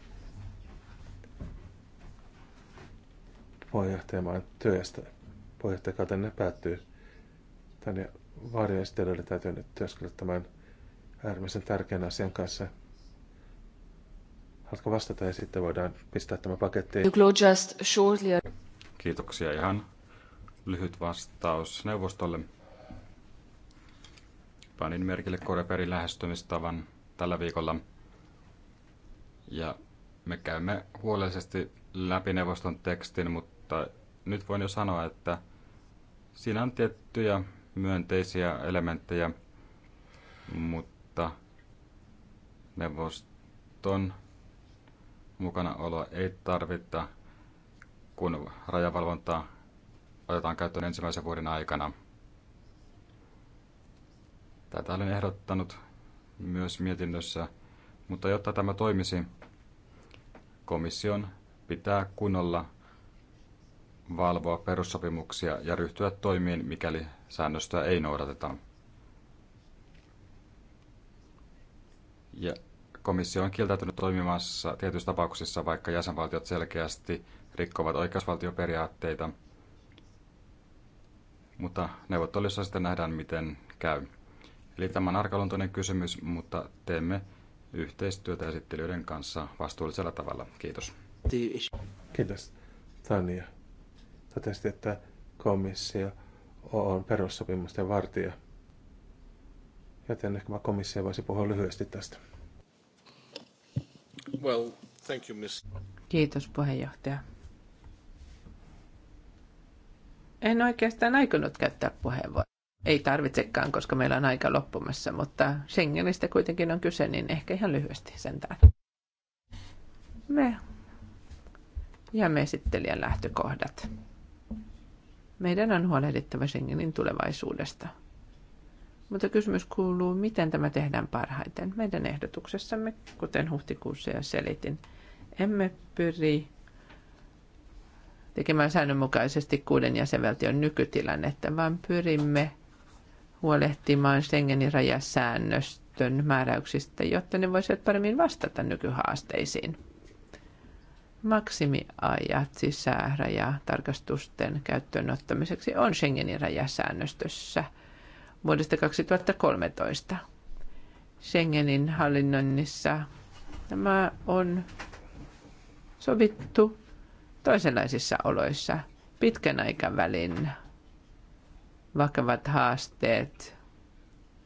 Puheenjohtajamaan työstä. Puheenjohtajakautenne päättyy. Tänne varjoistelijoille täytyy nyt työskennellä tämän äärimmäisen tärkeän asian kanssa. Haluatko vastata ja sitten voidaan pistää tämä paketti? Just shortly. Kiitoksia. Ihan lyhyt vastaus neuvostolle. Panin merkille Koreperin lähestymistavan tällä viikolla. Ja me käymme huolellisesti läpi neuvoston tekstin, mutta nyt voin jo sanoa, että siinä on tiettyjä myönteisiä elementtejä, mutta neuvoston mukanaoloa ei tarvita, kun rajavalvonta otetaan käyttöön ensimmäisen vuoden aikana. Tätä olen ehdottanut myös mietinnössä, mutta jotta tämä toimisi, komission pitää kunnolla valvoa perussopimuksia ja ryhtyä toimiin, mikäli säännöstöä ei noudateta. Ja komissio on kieltäytynyt toimimassa tietyissä tapauksissa, vaikka jäsenvaltiot selkeästi rikkovat oikeusvaltioperiaatteita. Mutta neuvottelussa sitten nähdään, miten käy. Eli tämä on arkaluontoinen kysymys, mutta teemme yhteistyötä esittelijöiden kanssa vastuullisella tavalla. Kiitos. Kiitos, Tania. Totesit, että komissio on perussopimusten vartija. Joten ehkä komissio voisi puhua lyhyesti tästä. Well, thank you, miss. Kiitos puheenjohtaja. En oikeastaan aikonut käyttää puheenvuoroa. Ei tarvitsekaan, koska meillä on aika loppumassa, mutta Schengenistä kuitenkin on kyse, niin ehkä ihan lyhyesti sentään. Me ja me esittelijän lähtökohdat. Meidän on huolehdittava Schengenin tulevaisuudesta – mutta kysymys kuuluu, miten tämä tehdään parhaiten. Meidän ehdotuksessamme, kuten huhtikuussa jo selitin, emme pyri tekemään säännönmukaisesti kuuden jäsenvaltion nykytilannetta, vaan pyrimme huolehtimaan Schengenin rajasäännöstön määräyksistä, jotta ne voisivat paremmin vastata nykyhaasteisiin. Maksimiajat sisärajatarkastusten ottamiseksi on Schengenin rajasäännöstössä – vuodesta 2013 Schengenin hallinnoinnissa. Tämä on sovittu toisenlaisissa oloissa. Pitkän aikavälin vakavat haasteet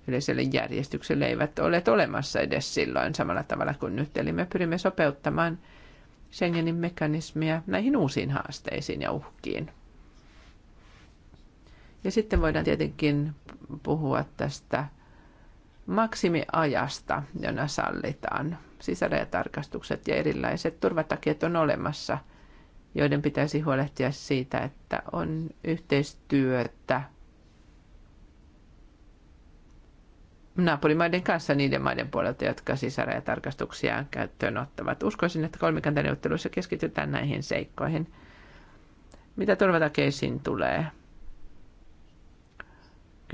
yleiselle järjestykselle eivät ole olemassa edes silloin samalla tavalla kuin nyt. Eli me pyrimme sopeuttamaan Schengenin mekanismia näihin uusiin haasteisiin ja uhkiin. Ja sitten voidaan tietenkin puhua tästä maksimiajasta, jona sallitaan sisärajatarkastukset ja erilaiset turvatakiet on olemassa, joiden pitäisi huolehtia siitä, että on yhteistyötä naapurimaiden kanssa niiden maiden puolelta, jotka sisärajatarkastuksia käyttöön ottavat. Uskoisin, että kolmikantaneuvotteluissa keskitytään näihin seikkoihin. Mitä turvatakeisiin tulee?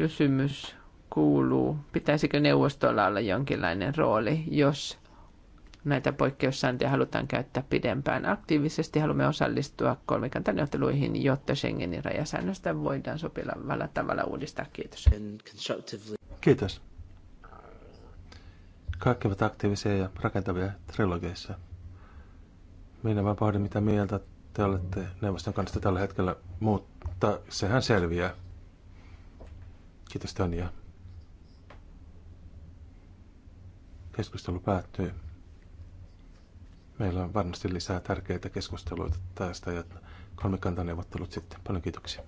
kysymys kuuluu, pitäisikö neuvostolla olla jonkinlainen rooli, jos näitä poikkeussääntöjä halutaan käyttää pidempään. Aktiivisesti haluamme osallistua kolmikantaneuvotteluihin, jotta Schengenin rajasäännöstä voidaan sopivalla tavalla uudistaa. Kiitos. Kiitos. Kaikki ovat aktiivisia ja rakentavia trilogeissa. Minä vaan pohdin, mitä mieltä te olette neuvoston kanssa tällä hetkellä, mutta sehän selviää. Kiitos Tania. Keskustelu päättyy. Meillä on varmasti lisää tärkeitä keskusteluita tästä ja kolmikantaneuvottelut sitten. Paljon kiitoksia.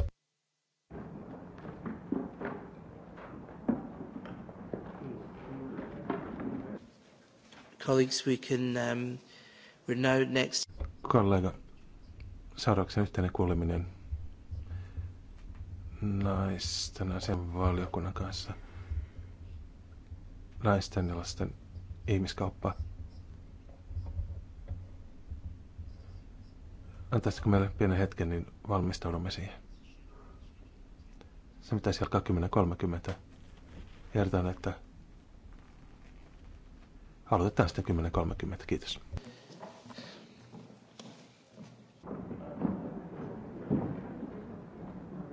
Colleagues, we can, um, we're now next. Kollega, seuraavaksi yhteinen kuuleminen naisten asian valiokunnan kanssa. Naisten ja lasten ihmiskauppaa. Antaisitko meille pienen hetken, niin valmistaudumme siihen. Se pitäisi alkaa 10.30. Järjestän, että aloitetaan sitten 10.30. Kiitos.